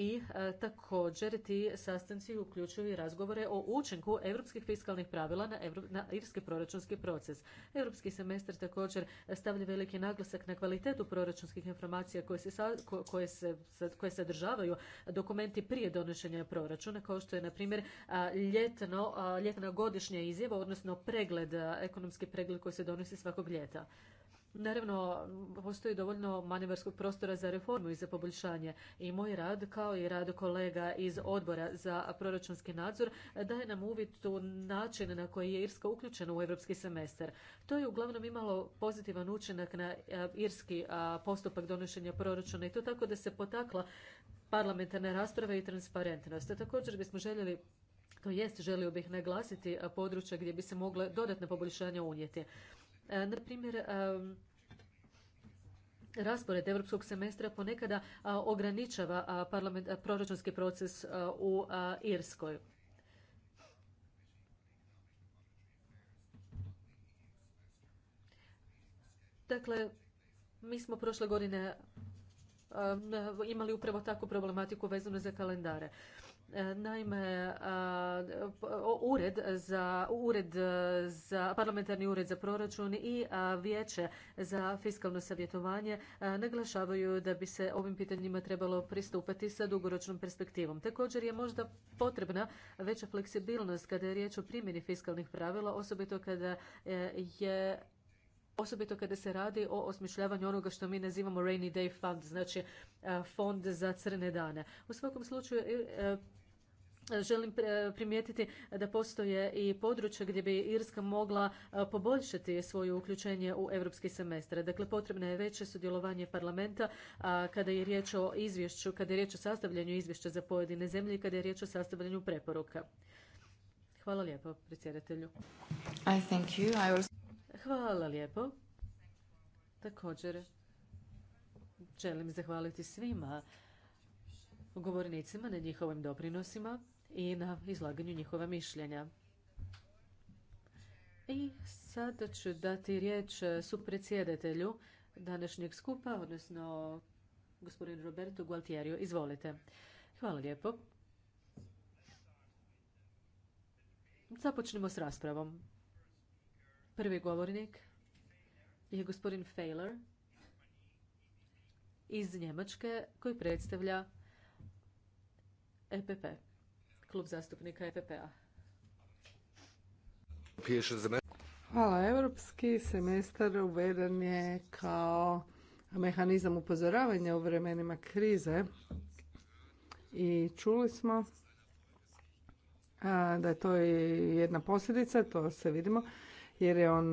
i e, također ti sastanci uključuju i razgovore o učinku europskih fiskalnih pravila na, irski proračunski proces. Europski semestar također stavlja veliki naglasak na kvalitetu proračunskih informacija koje se, koje se, koje sadržavaju dokumenti prije donošenja proračuna, kao što je, na primjer, ljetno, ljetna godišnja izjava, odnosno pregled, ekonomski pregled koji se donosi svakog ljeta. Naravno, postoji dovoljno manevarskog prostora za reformu i za poboljšanje i moj rad, kao i rad kolega iz odbora za proračunski nadzor, daje nam uvid u način na koji je Irska uključena u europski semestar. To je uglavnom imalo pozitivan učinak na irski postupak donošenja proračuna i to tako da se potakla parlamentarna rasprava i transparentnost. također bismo željeli to jest, želio bih naglasiti područja gdje bi se mogle dodatne poboljšanja unijeti. E, Na primjer, e, raspored europskog semestra ponekada e, ograničava parlament, proračunski proces u Irskoj. Dakle, mi smo prošle godine imali upravo takvu problematiku vezanu za kalendare. Naime, ured za, ured za, parlamentarni ured za proračun i vijeće za fiskalno savjetovanje naglašavaju da bi se ovim pitanjima trebalo pristupati sa dugoročnom perspektivom. Također je možda potrebna veća fleksibilnost kada je riječ o primjeni fiskalnih pravila, osobito kada e, je osobito kada se radi o osmišljavanju onoga što mi nazivamo rainy day fund, znači fond za crne dane. U svakom slučaju e, Želim e, primijetiti da postoje i područje gdje bi Irska mogla e, poboljšati svoje uključenje u europski semestar. Dakle, potrebno je veće sudjelovanje parlamenta kada je riječ o izvješću, kada je riječ o sastavljanju izvješća za pojedine zemlje i kada je riječ o sastavljanju preporuka. Hvala lijepo, predsjedatelju. Hvala lijepo. Također, želim zahvaliti svima govornicima na njihovim doprinosima i na izlaganju njihova mišljenja. I sada ću dati riječ supredsjedatelju današnjeg skupa, odnosno gospodinu Roberto Gualtieriju. Izvolite. Hvala lijepo. Započnemo s raspravom. Prvi govornik je gospodin fejler iz Njemačke koji predstavlja EPP. Klub zastupnika EPP-a. Hvala. Europski semestar uveden je kao mehanizam upozoravanja u vremenima krize i čuli smo da je to jedna posljedica, to se vidimo, jer je on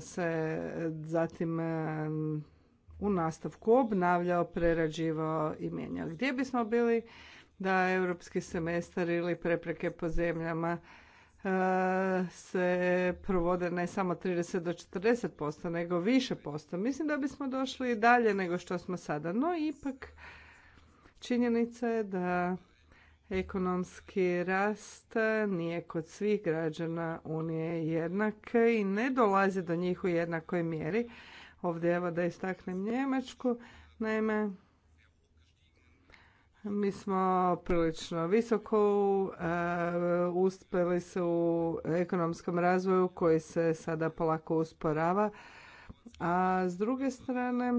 se zatim u nastavku obnavljao, prerađivao i mijenjao. Gdje bismo bili da europski semestar ili prepreke po zemljama e, se provode ne samo 30 do 40%, nego više posto. Mislim da bismo došli i dalje nego što smo sada. No ipak činjenica je da ekonomski rast nije kod svih građana Unije jednak i ne dolazi do njih u jednakoj mjeri. Ovdje evo da istaknem Njemačku. Naime, mi smo prilično visoko eh, uspjeli se u ekonomskom razvoju koji se sada polako usporava. A s druge strane,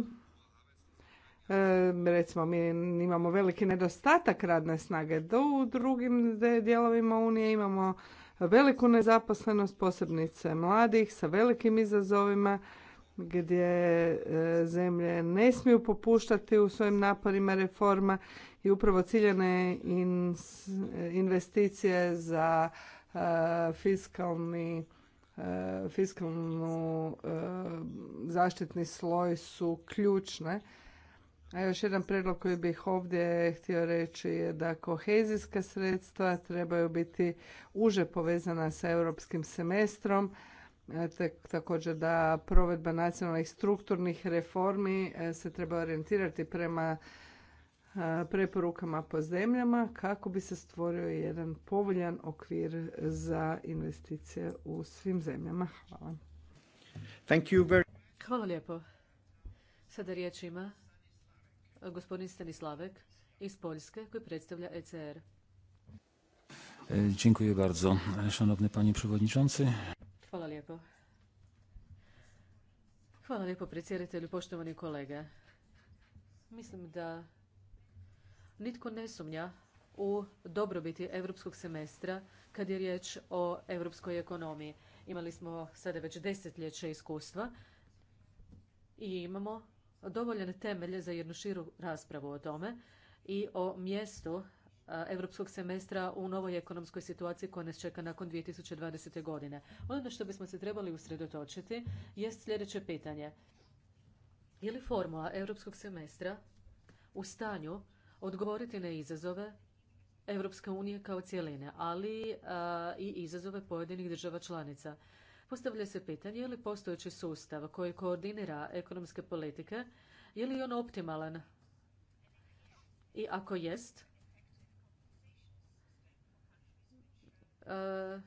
eh, recimo mi imamo veliki nedostatak radne snage, do u drugim dijelovima Unije imamo veliku nezaposlenost, posebnice mladih sa velikim izazovima gdje e, zemlje ne smiju popuštati u svojim naporima reforma i upravo ciljane investicije za e, fiskalni e, fiskalnu zaštitni sloj su ključne. A još jedan predlog koji bih ovdje htio reći je da kohezijska sredstva trebaju biti uže povezana sa europskim semestrom, E, također da provedba nacionalnih strukturnih reformi e, se treba orijentirati prema e, preporukama po zemljama kako bi se stvorio jedan povoljan okvir za investicije u svim zemljama. Hvala. Thank you very... Hvala lijepo. Sada riječ ima gospodin Stanislavek iz Poljske koji predstavlja ECR. Dziękuję bardzo, szanowny panie przewodniczący. Hvala lijepo. Hvala lijepo predsjedatelju, poštovani kolege. Mislim da nitko ne sumnja u dobrobiti europskog semestra kad je riječ o europskoj ekonomiji. Imali smo sada već desetljeće iskustva i imamo dovoljene temelje za jednu širu raspravu o tome i o mjestu europskog semestra u novoj ekonomskoj situaciji koja nas čeka nakon 2020. godine. Ono na što bismo se trebali usredotočiti je sljedeće pitanje. Je li formula europskog semestra u stanju odgovoriti na izazove Europske unije kao cjeline, ali i izazove pojedinih država članica? Postavlja se pitanje je li postojeći sustav koji koordinira ekonomske politike, je li on optimalan? I ako jest, E,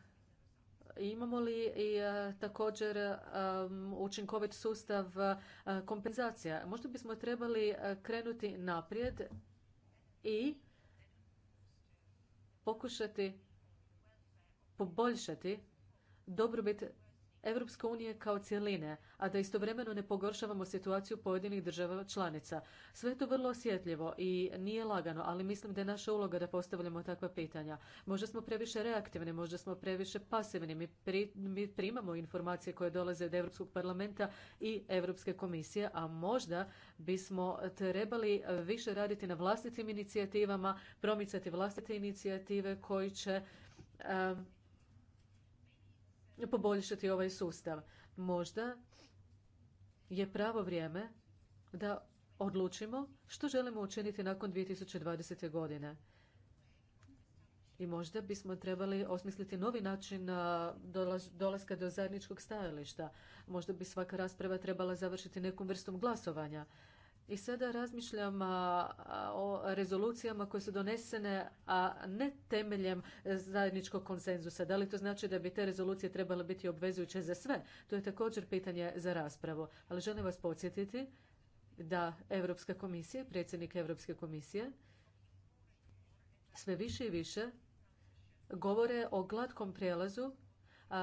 imamo li i e, također e, učinkovit sustav kompenzacija? Možda bismo trebali krenuti naprijed i pokušati poboljšati dobrobit Europske unije kao cjeline, a da istovremeno ne pogoršavamo situaciju pojedinih država članica. Sve je to vrlo osjetljivo i nije lagano, ali mislim da je naša uloga da postavljamo takva pitanja. Možda smo previše reaktivni, možda smo previše pasivni. Mi, primamo informacije koje dolaze od Europskog parlamenta i Europske komisije, a možda bismo trebali više raditi na vlastitim inicijativama, promicati vlastite inicijative koji će eh, poboljšati ovaj sustav. Možda je pravo vrijeme da odlučimo što želimo učiniti nakon 2020. godine. I možda bismo trebali osmisliti novi način dolaska do zajedničkog stajališta. Možda bi svaka rasprava trebala završiti nekom vrstom glasovanja. I sada razmišljam o rezolucijama koje su donesene, a ne temeljem zajedničkog konsenzusa. Da li to znači da bi te rezolucije trebale biti obvezujuće za sve? To je također pitanje za raspravu. Ali želim vas podsjetiti da Europska komisija, predsjednik Europske komisije, sve više i više govore o glatkom prijelazu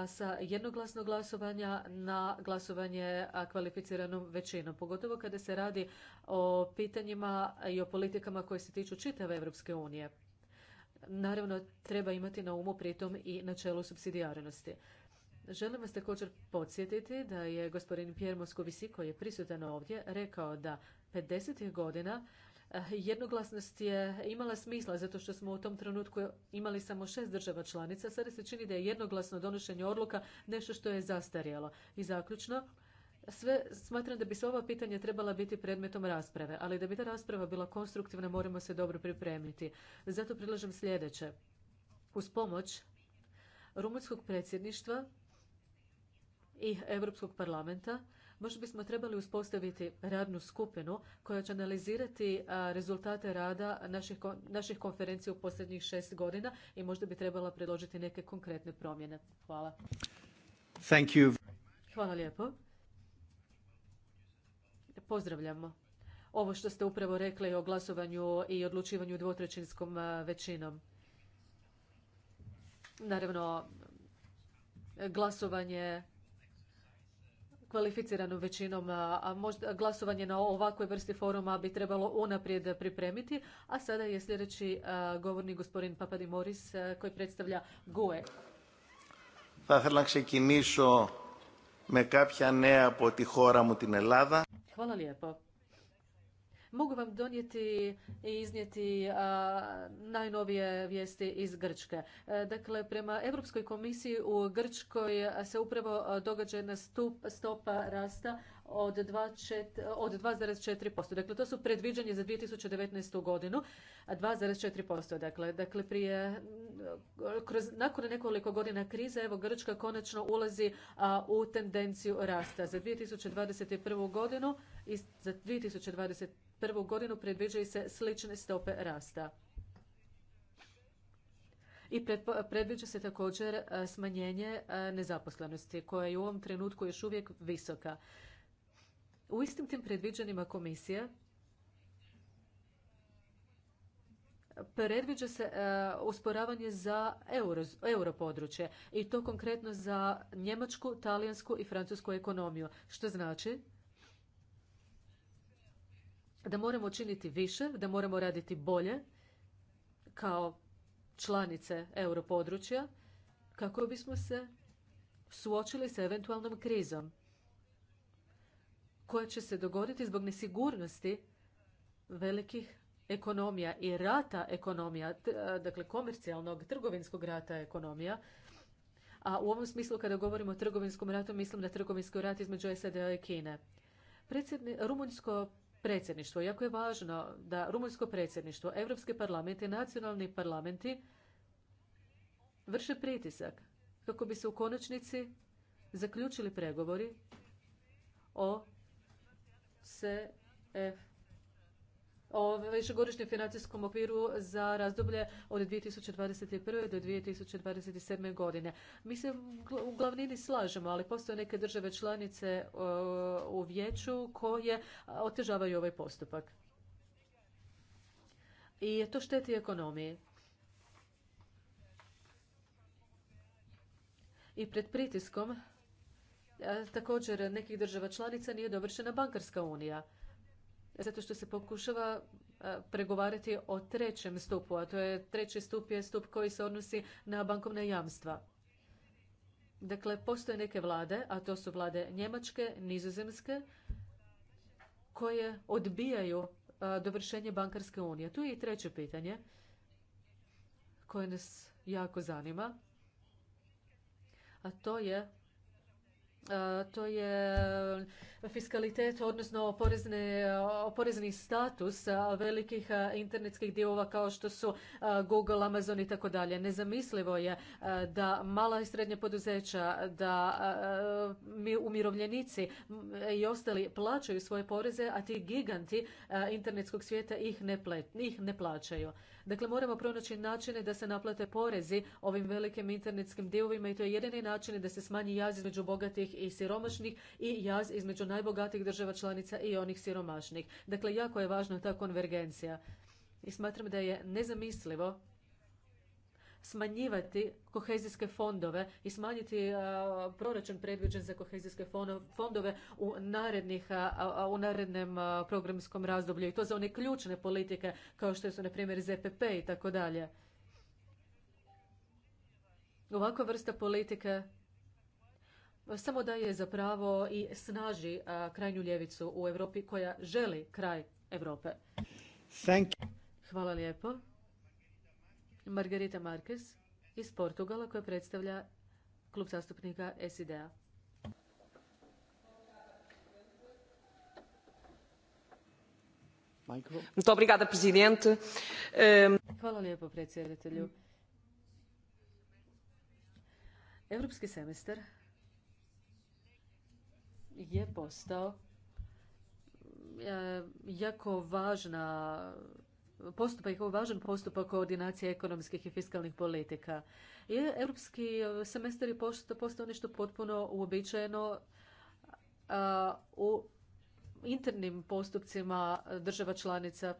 sa jednoglasnog glasovanja na glasovanje kvalificiranom većinom, pogotovo kada se radi o pitanjima i o politikama koje se tiču čitave Europske unije. Naravno, treba imati na umu pritom i načelo supsidijarnosti. Želim vas također podsjetiti da je gospodin Pierre Moscovici, koji je prisutan ovdje, rekao da 50. godina Eh, jednoglasnost je imala smisla zato što smo u tom trenutku imali samo šest država članica. Sada se čini da je jednoglasno donošenje odluka nešto što je zastarjelo. I zaključno, sve smatram da bi se ova pitanja trebala biti predmetom rasprave, ali da bi ta rasprava bila konstruktivna moramo se dobro pripremiti. Zato predlažem sljedeće. Uz pomoć Rumunskog predsjedništva i Europskog parlamenta Možda bismo trebali uspostaviti radnu skupinu koja će analizirati rezultate rada naših, konferencija u posljednjih šest godina i možda bi trebala predložiti neke konkretne promjene. Hvala. Hvala lijepo. Pozdravljamo ovo što ste upravo rekli o glasovanju i odlučivanju dvotrećinskom većinom. Naravno, glasovanje kvalificiranom većinom, a možda glasovanje na ovakvoj vrsti foruma bi trebalo unaprijed pripremiti. A sada je sljedeći govornik gospodin Moris koji predstavlja GUE. Hvala lijepo. Mogu vam donijeti i iznijeti najnovije vijesti iz Grčke. E, dakle, prema Europskoj komisiji u Grčkoj se upravo događa jedna stopa rasta od 2,4%. Dakle, to su predviđanje za 2019. godinu, 2,4%. Dakle, dakle prije, kroz, nakon nekoliko godina krize, evo Grčka konačno ulazi a, u tendenciju rasta. Za 2021. godinu i za 2020 prvu godinu predviđaju se slične stope rasta. I predviđa se također e, smanjenje e, nezaposlenosti koja je u ovom trenutku još uvijek visoka. U istim tim predviđanjima komisije predviđa se e, usporavanje za euro, euro područje i to konkretno za njemačku, talijansku i francusku ekonomiju, što znači da moramo činiti više, da moramo raditi bolje kao članice europodručja kako bismo se suočili sa eventualnom krizom koja će se dogoditi zbog nesigurnosti velikih ekonomija i rata ekonomija, dakle komercijalnog, trgovinskog rata ekonomija. A u ovom smislu kada govorimo o trgovinskom ratu, mislim na trgovinski rat između SAD-a i Kine. Rumunjsko predsjedništvo. Jako je važno da rumunjsko predsjedništvo, Europski parlament i nacionalni parlamenti vrše pritisak kako bi se u konačnici zaključili pregovori o CF o višegodišnjem financijskom okviru za razdoblje od 2021. do 2027. godine. Mi se u glavnini slažemo, ali postoje neke države članice e, u vijeću koje otežavaju ovaj postupak. I to šteti ekonomiji. I pred pritiskom e, također nekih država članica nije dovršena bankarska unija zato što se pokušava e, pregovarati o trećem stupu, a to je treći stup je stup koji se odnosi na bankovne jamstva. Dakle, postoje neke vlade, a to su vlade Njemačke, Nizozemske, koje odbijaju e, dovršenje bankarske unije. Tu je i treće pitanje koje nas jako zanima, a to je, a e, to je fiskalitet, odnosno porezne, porezni status velikih internetskih divova kao što su Google, Amazon i tako dalje. Nezamislivo je da mala i srednja poduzeća, da mi umirovljenici i ostali plaćaju svoje poreze, a ti giganti internetskog svijeta ih ne, ih ne plaćaju. Dakle, moramo pronaći načine da se naplate porezi ovim velikim internetskim divovima i to je jedini način da se smanji jaz između bogatih i siromašnih i jaz između najbogatijih država članica i onih siromašnih. Dakle, jako je važna ta konvergencija. I smatram da je nezamislivo smanjivati kohezijske fondove i smanjiti proračun predviđen za kohezijske fondove u, narednih, u narednem programskom razdoblju i to za one ključne politike kao što su na primjer ZPP i tako dalje. Ovakva vrsta politike samo da je zapravo i snaži krajnju ljevicu u Europi koja želi kraj Europe. Hvala lijepo. Margarita Marquez iz Portugala koja predstavlja klub zastupnika SID-a. Ehm, Hvala lijepo predsjedatelju. Europski semestar je postao e, jako važna postupak, jako važan postupak koordinacije ekonomskih i fiskalnih politika. Europski semestar je postao nešto potpuno uobičajeno u internim postupcima država članica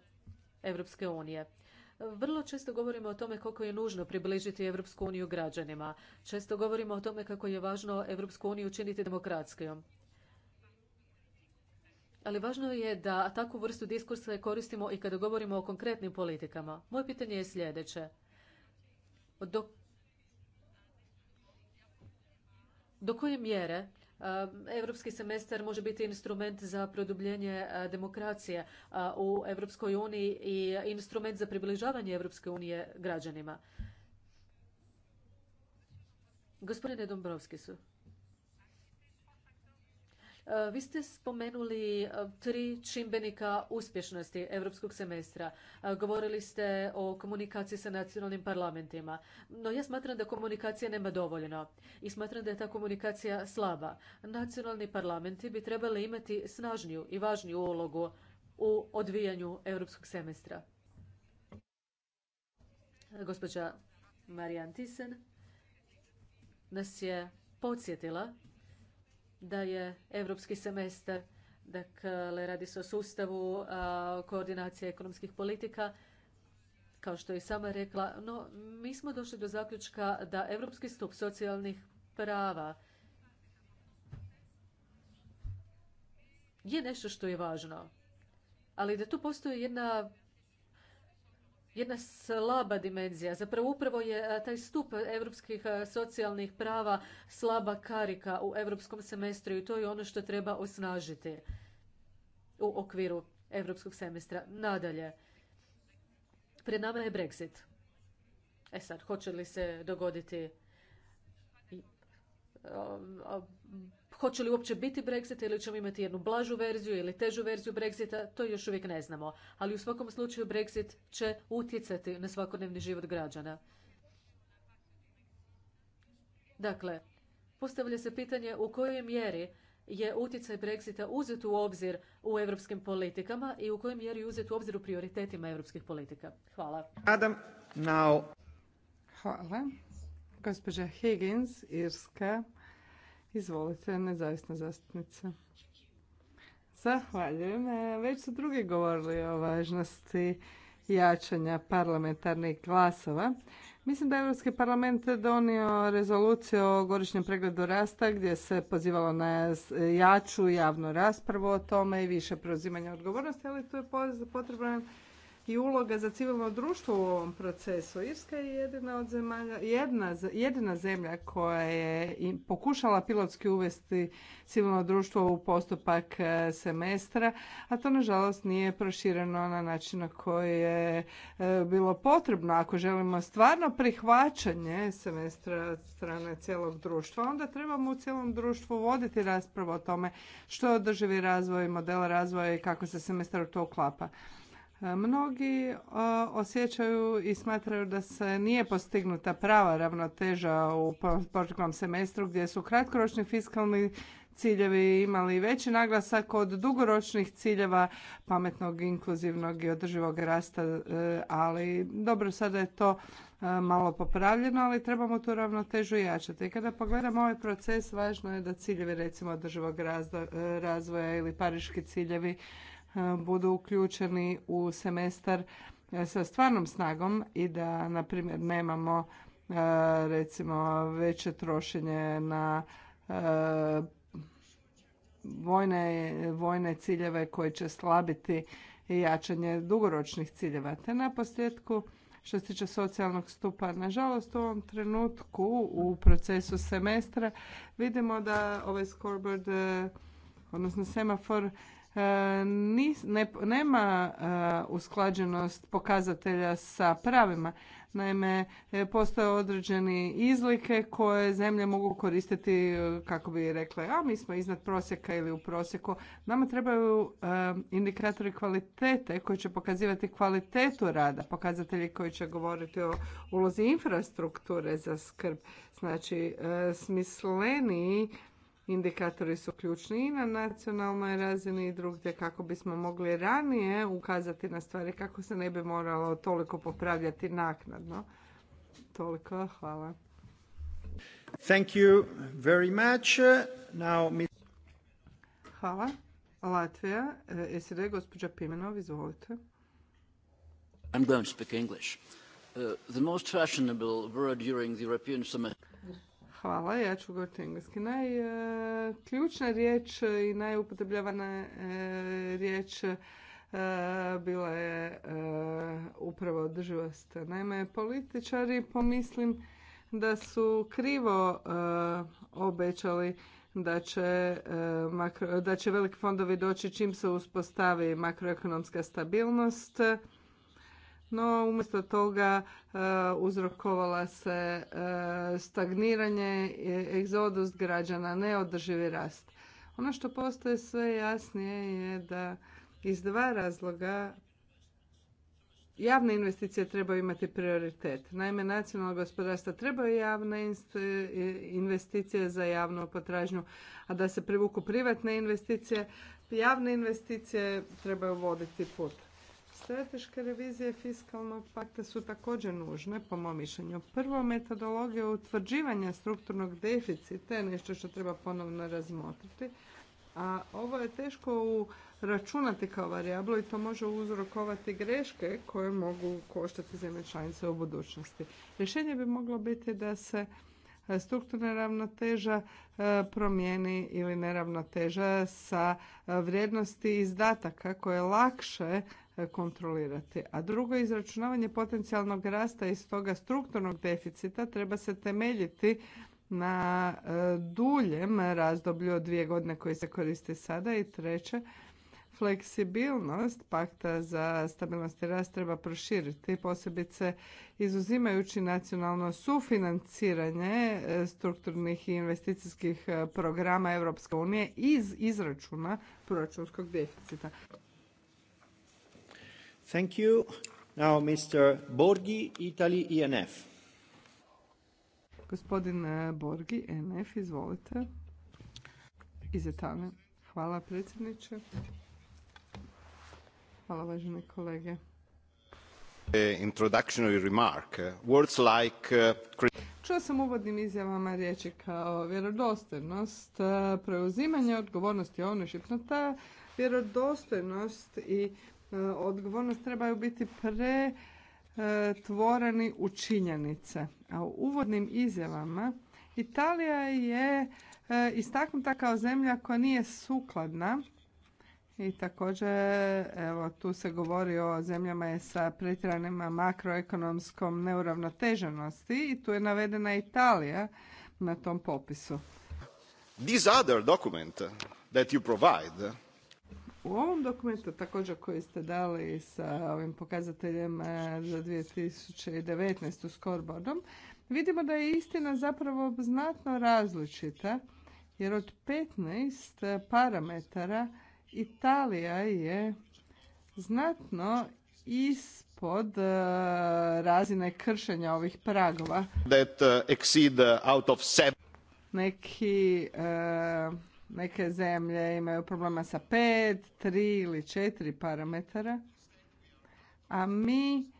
Europske unije. Vrlo često govorimo o tome koliko je nužno približiti Europsku uniju građanima. Često govorimo o tome kako je važno Evropsku uniju učiniti demokratskijom ali važno je da takvu vrstu diskursa koristimo i kada govorimo o konkretnim politikama. Moje pitanje je sljedeće. Do, do koje mjere Europski semestar može biti instrument za produbljenje demokracije u Europskoj uniji i instrument za približavanje Evropske unije građanima. Gospodine Dombrovski su. E, vi ste spomenuli e, tri čimbenika uspješnosti europskog semestra. E, govorili ste o komunikaciji sa nacionalnim parlamentima. No ja smatram da komunikacija nema dovoljno i smatram da je ta komunikacija slaba. Nacionalni parlamenti bi trebali imati snažniju i važniju ulogu u odvijanju europskog semestra. Gospođa Marijan Tisen nas je podsjetila da je europski semestar, dakle radi se o sustavu koordinacije ekonomskih politika, kao što je i sama rekla, no mi smo došli do zaključka da europski stup socijalnih prava je nešto što je važno, ali da tu postoji jedna jedna slaba dimenzija. Zapravo upravo je e, taj stup europskih e, socijalnih prava slaba karika u europskom semestru i to je ono što treba osnažiti u okviru europskog semestra. Nadalje, pred nama je Brexit. E sad, hoće li se dogoditi Hoće li uopće biti Brexit ili ćemo imati jednu blažu verziju ili težu verziju Brexita, to još uvijek ne znamo. Ali u svakom slučaju Brexit će utjecati na svakodnevni život građana. Dakle, postavlja se pitanje u kojoj mjeri je utjecaj Brexita uzet u obzir u europskim politikama i u kojoj mjeri je uzet u obzir u prioritetima europskih politika. Hvala. Adam, now. Hvala. Gospođa Higgins, Irska, Izvolite, nezavisna zastupnica. Zahvaljujem. E, već su drugi govorili o važnosti jačanja parlamentarnih glasova. Mislim da je Europski parlament donio rezoluciju o godišnjem pregledu rasta gdje se pozivalo na jaču javnu raspravu o tome i više preuzimanja odgovornosti, ali tu je potrebno i uloga za civilno društvo u ovom procesu. Irska je jedina, od zemalja, jedna, jedina zemlja koja je pokušala pilotski uvesti civilno društvo u postupak e, semestra, a to nažalost nije prošireno na način na koji je e, bilo potrebno. Ako želimo stvarno prihvaćanje semestra od strane cijelog društva, onda trebamo u cijelom društvu voditi raspravu o tome što je održivi razvoj, model razvoja i kako se semestar u to uklapa. Mnogi e, osjećaju i smatraju da se nije postignuta prava ravnoteža u proteklom semestru gdje su kratkoročni fiskalni ciljevi imali veći naglasak od dugoročnih ciljeva pametnog, inkluzivnog i održivog rasta, e, ali dobro, sada je to e, malo popravljeno, ali trebamo tu ravnotežu jačati. I kada pogledamo ovaj proces, važno je da ciljevi recimo održivog razvoja ili pariški ciljevi budu uključeni u semestar e, sa stvarnom snagom i da, na primjer, nemamo e, recimo veće trošenje na e, vojne, vojne ciljeve koji će slabiti jačanje dugoročnih ciljeva. Te na posljedku, što se tiče socijalnog stupa, nažalost u ovom trenutku u procesu semestra vidimo da ovaj scoreboard, odnosno semafor, E, nema e, usklađenost pokazatelja sa pravima. Naime, e, postoje određene izlike koje zemlje mogu koristiti kako bi rekle, a mi smo iznad prosjeka ili u prosjeku. Nama trebaju indikatori kvalitete koji će pokazivati kvalitetu rada, pokazatelji koji će govoriti o ulozi infrastrukture za skrb. Znači, smisleniji indikatori su ključni i na nacionalnoj razini i drugdje kako bismo mogli ranije ukazati na stvari kako se ne bi moralo toliko popravljati naknadno. Toliko, hvala. Thank you very much. Now, Hvala. Latvija, eh, SED, gospođa Pimenov, izvolite. I'm going to speak English. Uh, the most fashionable word during the European summit Hvala, ja ću govoriti engleski. Najključna e, riječ i najupotrebljavana e, riječ e, bila je upravo održivost. Naime, političari pomislim da su krivo obećali da će, da će veliki fondovi doći čim se uspostavi makroekonomska stabilnost no umjesto toga e, uzrokovala se e, stagniranje, e, egzodus građana, neodrživi rast. Ono što postoje sve jasnije je da iz dva razloga javne investicije trebaju imati prioritet. Naime, nacionalna gospodarstva trebaju javne investicije za javnu potražnju, a da se privuku privatne investicije, javne investicije trebaju voditi put. Strateške revizije fiskalnog pakta su također nužne, po mom mišljenju. Prvo, metodologija utvrđivanja strukturnog deficita je nešto što treba ponovno razmotriti, a ovo je teško uračunati kao varijablu i to može uzrokovati greške koje mogu koštati zemlje članice u budućnosti. Rješenje bi moglo biti da se e, strukturna ravnoteža e, promijeni ili neravnoteža sa e, vrijednosti izdataka koje lakše E, kontrolirati. A drugo, izračunavanje potencijalnog rasta iz toga strukturnog deficita treba se temeljiti na e, duljem razdoblju od dvije godine koje se koristi sada i treće, fleksibilnost pakta za stabilnost i rast treba proširiti, posebice izuzimajući nacionalno sufinanciranje e, strukturnih i investicijskih programa Europske unije iz izračuna proračunskog deficita. Thank you. Now Mr. Borghi, Italy ENF. Gospodin eh, Borghi, ENF, izvolite. Iz Italije. Hvala predsjedniče. Hvala važne kolege. Introductionary remark. Eh, words like... Eh, Čuo sam uvodnim izjavama riječi kao vjerodostojnost, preuzimanje odgovornosti ownership, ta vjerodostojnost i E, odgovornost trebaju biti pretvoreni u činjenice. A u uvodnim izjavama Italija je e, istaknuta kao zemlja koja nije sukladna i također evo tu se govori o zemljama sa pretjeranima makroekonomskom neuravnoteženosti i tu je navedena Italija na tom popisu. Ovi other document that you provide u ovom dokumentu također koji ste dali sa ovim pokazateljem e, za 2019. scoreboardom, vidimo da je istina zapravo znatno različita, jer od 15 parametara Italija je znatno ispod e, razine kršenja ovih pragova. E, Neki Neke zemlje imaju problema sa pet, tri ili četiri parametara, a mi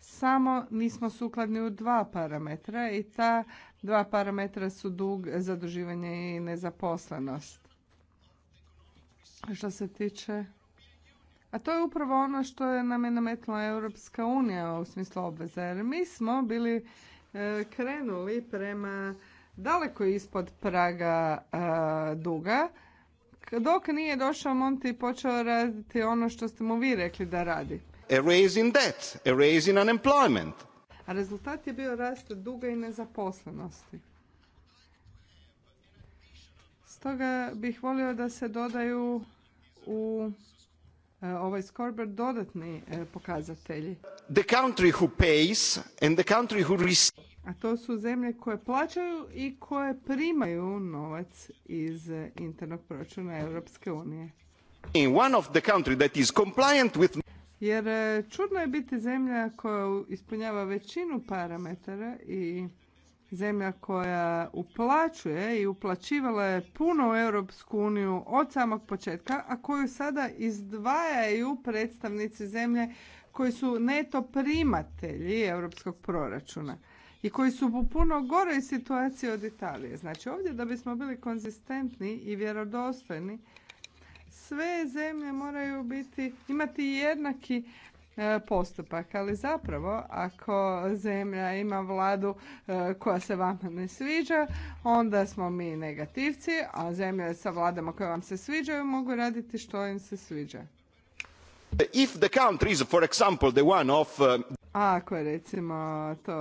samo nismo sukladni u dva parametra i ta dva parametra su dug, zaduživanje i nezaposlenost. Što se tiče... A to je upravo ono što je nam je nametnula Europska unija u smislu obveza. Jer mi smo bili e, krenuli prema daleko ispod praga e, duga dok nije došao Monti i počeo raditi ono što ste mu vi rekli da radi. A raise debt, a unemployment. A rezultat je bio rast duga i nezaposlenosti. Stoga bih volio da se dodaju u e, ovaj scoreboard dodatni e, pokazatelji. The country who pays and the country who a to su zemlje koje plaćaju i koje primaju novac iz internog proračuna Europske unije. Jer čudno je biti zemlja koja ispunjava većinu parametara i zemlja koja uplaćuje i uplaćivala je puno u Europsku uniju od samog početka, a koju sada izdvajaju predstavnici zemlje koji su neto primatelji europskog proračuna i koji su u puno goroj situaciji od Italije. Znači ovdje da bismo bili konzistentni i vjerodostojni, sve zemlje moraju biti, imati jednaki e, postupak, ali zapravo ako zemlja ima vladu e, koja se vama ne sviđa, onda smo mi negativci, a zemlje sa vladama koje vam se sviđaju mogu raditi što im se sviđa. If the country example, one uh, ako je recimo to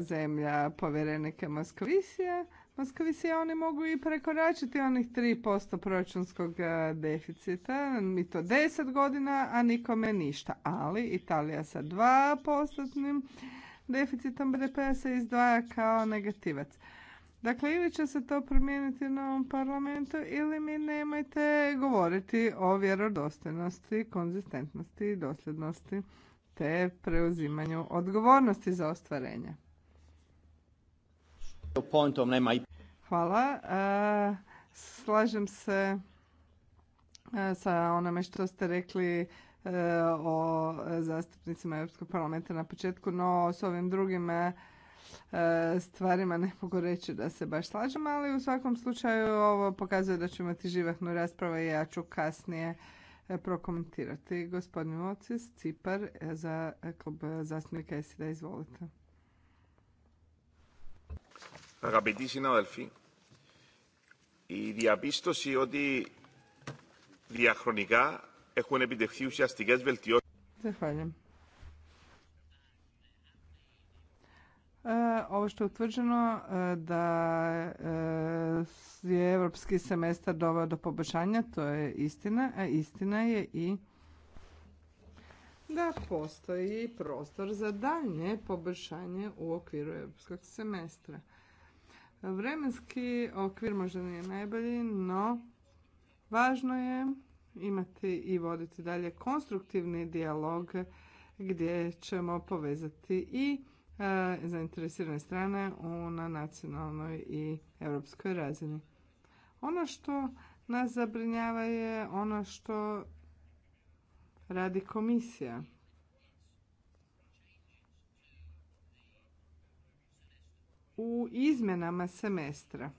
zemlja povjerenika Moskovisije, Moskovisija oni mogu i prekoračiti onih 3% proračunskog e, deficita, mi to 10 godina, a nikome ništa. Ali Italija sa 2% deficitom BDP-a se izdvaja kao negativac. Dakle, ili će se to promijeniti na ovom parlamentu ili mi nemojte govoriti o vjerodostojnosti, konzistentnosti i dosljednosti te preuzimanju odgovornosti za ostvarenje. Hvala. E, slažem se e, sa onome što ste rekli e, o zastupnicima Europskog parlamenta na početku, no s ovim drugim E, stvarima ne mogu reći da se baš slažem, ali u svakom slučaju ovo pokazuje da ćemo imati živahnu raspravu i ja ću kasnije e, prokomentirati. Gospodin Ocis, Cipar, e, za klub zastupnika SID, izvolite. Αγαπητοί συνάδελφοι, η διαπίστωση ότι διαχρονικά έχουν επιτευχθεί ουσιαστικές βελτιώσεις. Zahvaljujem. E, ovo što je utvrđeno e, da e, je europski semestar doveo do poboljšanja, to je istina, a istina je i da postoji prostor za dalje poboljšanje u okviru evropskog semestra. Vremenski okvir možda nije najbolji, no važno je imati i voditi dalje konstruktivni dijalog gdje ćemo povezati i zainteresirane strane na nacionalnoj i europskoj razini. Ono što nas zabrinjava je ono što radi komisija. U izmenama semestra.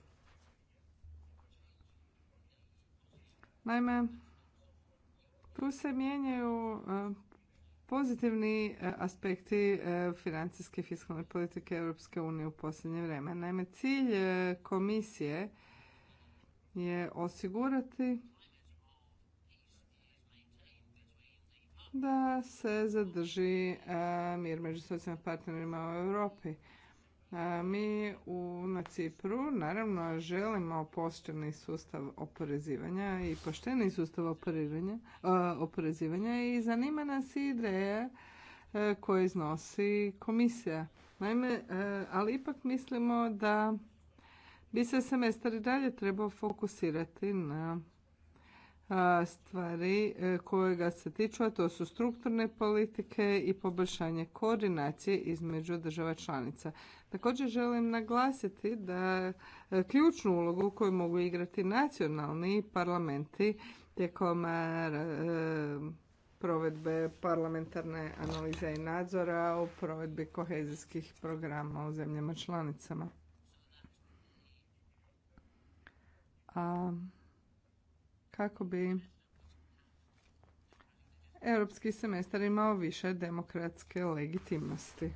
Naime, tu se mijenjaju pozitivni e, aspekti e, financijske i fiskalne politike Europske unije u posljednje vrijeme. Naime, cilj e, komisije je osigurati da se zadrži mir među socijalnim partnerima u Europi. Mi u, na Cipru naravno želimo pošteni sustav oporezivanja i pošteni sustav oporezivanja i zanima nas i ideja e, koje iznosi komisija. Naime, e, ali ipak mislimo da bi se semestar i dalje trebao fokusirati na stvari e, koje ga se tiču, a to su strukturne politike i poboljšanje koordinacije između država članica. Također želim naglasiti da e, ključnu ulogu koju mogu igrati nacionalni parlamenti tijekom e, provedbe parlamentarne analize i nadzora u provedbi kohezijskih programa u zemljama članicama. A kako bi europski semestar imao više demokratske legitimnosti.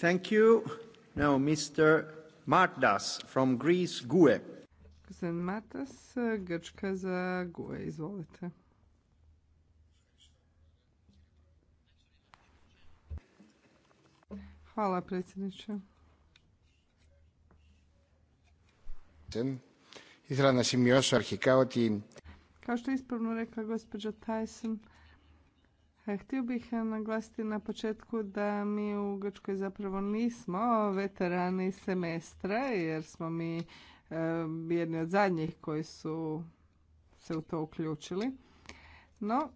Thank you. Now Mr. Martas from Greece GUE. Gospodin Martas, Grčka za GUE, izvolite. Hvala predsjedniče. Ήθελα να σημειώσω αρχικά ότι... Kao što ispravno rekla gospođa Tyson, e, Htio bih e, naglasiti na početku da mi u Grčkoj zapravo nismo veterani semestra jer smo mi e, jedni od zadnjih koji su se u to uključili. No,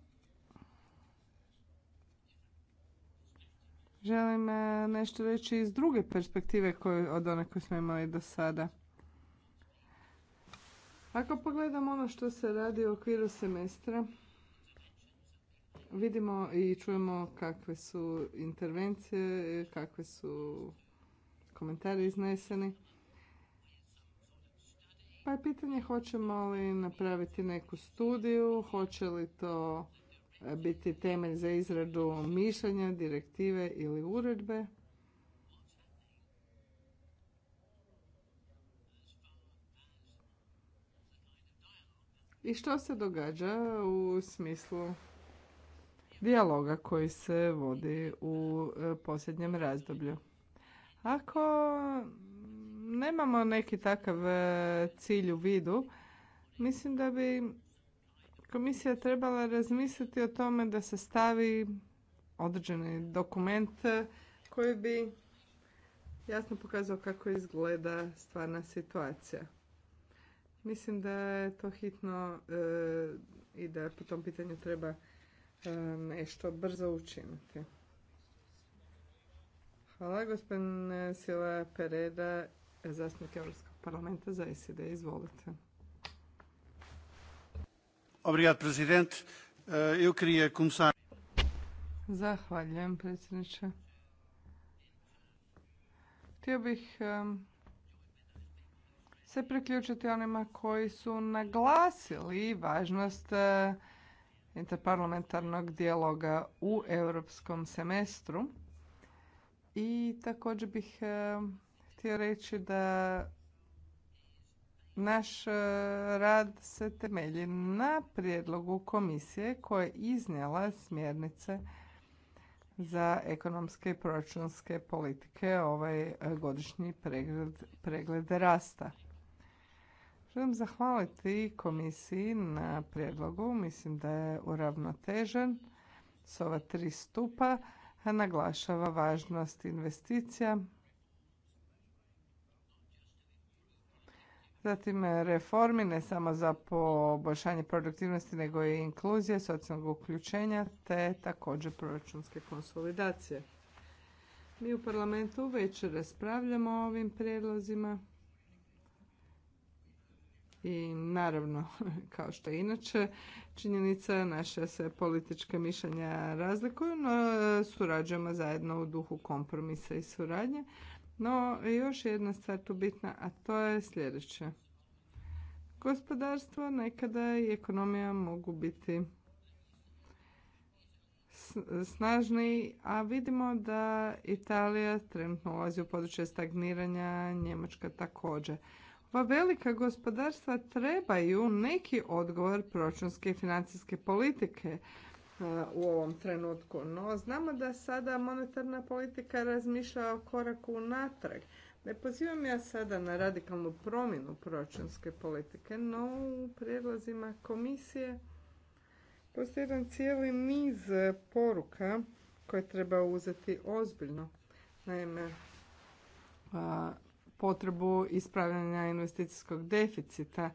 želim nešto reći iz druge perspektive koje, od one koje smo imali do sada. Ako pogledamo ono što se radi u okviru semestra, vidimo i čujemo kakve su intervencije, kakve su komentari izneseni. Pa je pitanje hoćemo li napraviti neku studiju, hoće li to e, biti temelj za izradu mišljenja, direktive ili uredbe. i što se događa u smislu dijaloga koji se vodi u e, posljednjem razdoblju. Ako nemamo neki takav e, cilj u vidu, mislim da bi komisija trebala razmisliti o tome da se stavi određeni dokument e, koji bi jasno pokazao kako izgleda stvarna situacija. Mislim da je to hitno e, i da po tom pitanju treba e, nešto brzo učiniti. Hvala, gospodin Sila Pereda, zastupnik Europskog parlamenta za SED. Izvolite. Obrigado, presidente. E, eu queria começar... Zahvaljujem, predsjedniče. Htio bih se priključiti onima koji su naglasili važnost e, interparlamentarnog dijaloga u europskom semestru. I također bih e, htio reći da naš e, rad se temelji na prijedlogu komisije koja je iznijela smjernice za ekonomske i proračunske politike, ovaj godišnji pregled, pregled rasta. Želim zahvaliti komisiji na prijedlogu. Mislim da je uravnotežen s ova tri stupa, naglašava važnost investicija. Zatim reformi, ne samo za poboljšanje produktivnosti, nego i inkluzije, socijalnog uključenja, te također proračunske konsolidacije. Mi u parlamentu već raspravljamo o ovim prijedlozima i naravno, kao što je inače, činjenica naše se političke mišljenja razlikuju, no e, surađujemo zajedno u duhu kompromisa i suradnje. No, još jedna stvar tu bitna, a to je sljedeće. Gospodarstvo nekada i ekonomija mogu biti snažni, a vidimo da Italija trenutno ulazi u područje stagniranja, Njemačka također. Pa velika gospodarstva trebaju neki odgovor proračunske i financijske politike e, u ovom trenutku. No, znamo da sada monetarna politika razmišlja o koraku natrag. Ne pozivam ja sada na radikalnu promjenu proračunske politike, no u prijedlozima komisije postoji jedan cijeli niz poruka koje treba uzeti ozbiljno. Naime, potrebu ispravljanja investicijskog deficita,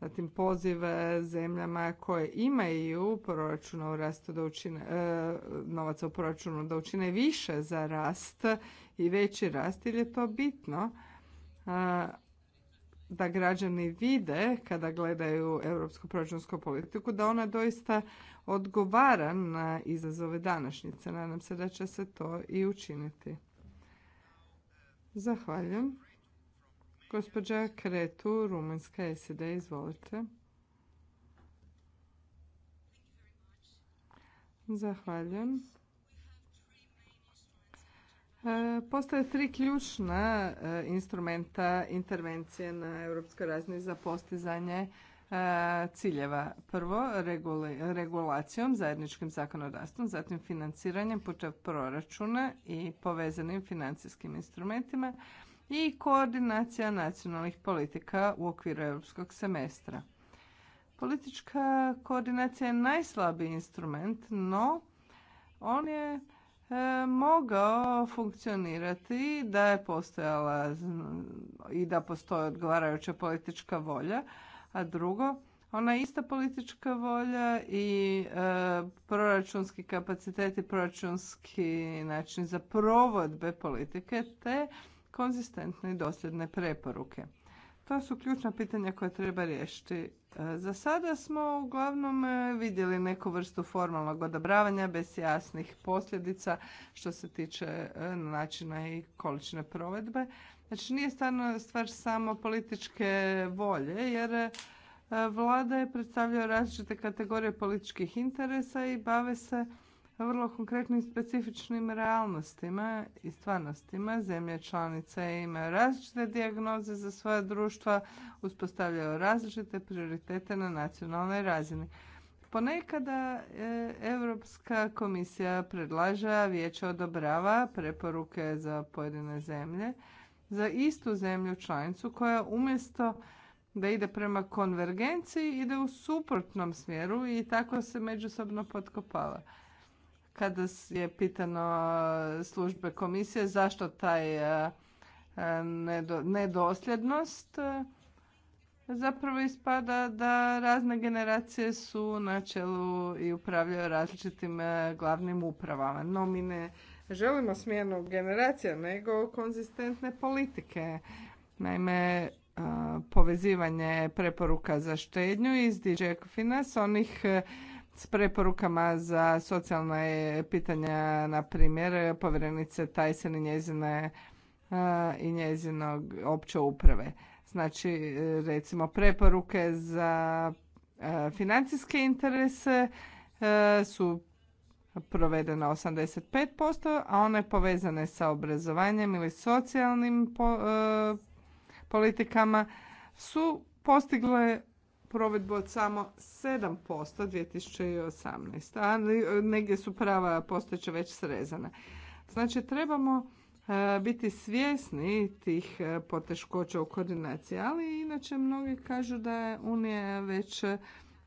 zatim poziv zemljama koje imaju proračuna u rastu da učine, e, novaca u proračunu da učine više za rast i veći rast, jer je to bitno e, da građani vide kada gledaju europsku proračunsku politiku da ona doista odgovara na izazove današnjice. Nadam se da će se to i učiniti. Zahvaljujem. Gospođa Kretu, Rumunjska SED, izvolite. Zahvaljujem. E, postoje tri ključna e, instrumenta intervencije na europskoj razini za postizanje E, ciljeva. Prvo, regulacijom, zajedničkim zakonodavstvom, zatim financiranjem putem proračuna i povezanim financijskim instrumentima i koordinacija nacionalnih politika u okviru europskog semestra. Politička koordinacija je najslabiji instrument, no on je e, mogao funkcionirati da je postojala i da postoji odgovarajuća politička volja a drugo, ona ista politička volja i e, proračunski kapacitet i proračunski način za provodbe politike te konzistentne i dosljedne preporuke. To su ključna pitanja koja treba riješiti. E, za sada smo uglavnom e, vidjeli neku vrstu formalnog odabravanja bez jasnih posljedica što se tiče načina i količine provedbe, Znači nije stvarno stvar samo političke volje jer e, vlada je predstavljaju različite kategorije političkih interesa i bave se vrlo konkretnim specifičnim realnostima i stvarnostima. Zemlje članice imaju različite dijagnoze za svoja društva, uspostavljaju različite prioritete na nacionalnoj razini. Ponekada e, Europska komisija predlaže, vijeće odobrava preporuke za pojedine zemlje, za istu zemlju članicu koja umjesto da ide prema konvergenciji ide u suprotnom smjeru i tako se međusobno potkopava. Kada je pitano službe komisije zašto taj e, e, nedosljednost, e, zapravo ispada da razne generacije su na čelu i upravljaju različitim glavnim upravama. No, mi ne želimo smjenu generacija, nego konzistentne politike. Naime, e, povezivanje preporuka za štednju iz DJ Finance, onih e, s preporukama za socijalne pitanja, na primjer, povjerenice Tyson i njezine e, i njezinog opće uprave. Znači, recimo, preporuke za financijske interese su provedena 85%, a one povezane sa obrazovanjem ili socijalnim e, politikama su postigle provedbu od samo 7% 2018. A negdje su prava postojeća već srezana. Znači trebamo e, biti svjesni tih e, poteškoća u koordinaciji, ali inače mnogi kažu da je Unija već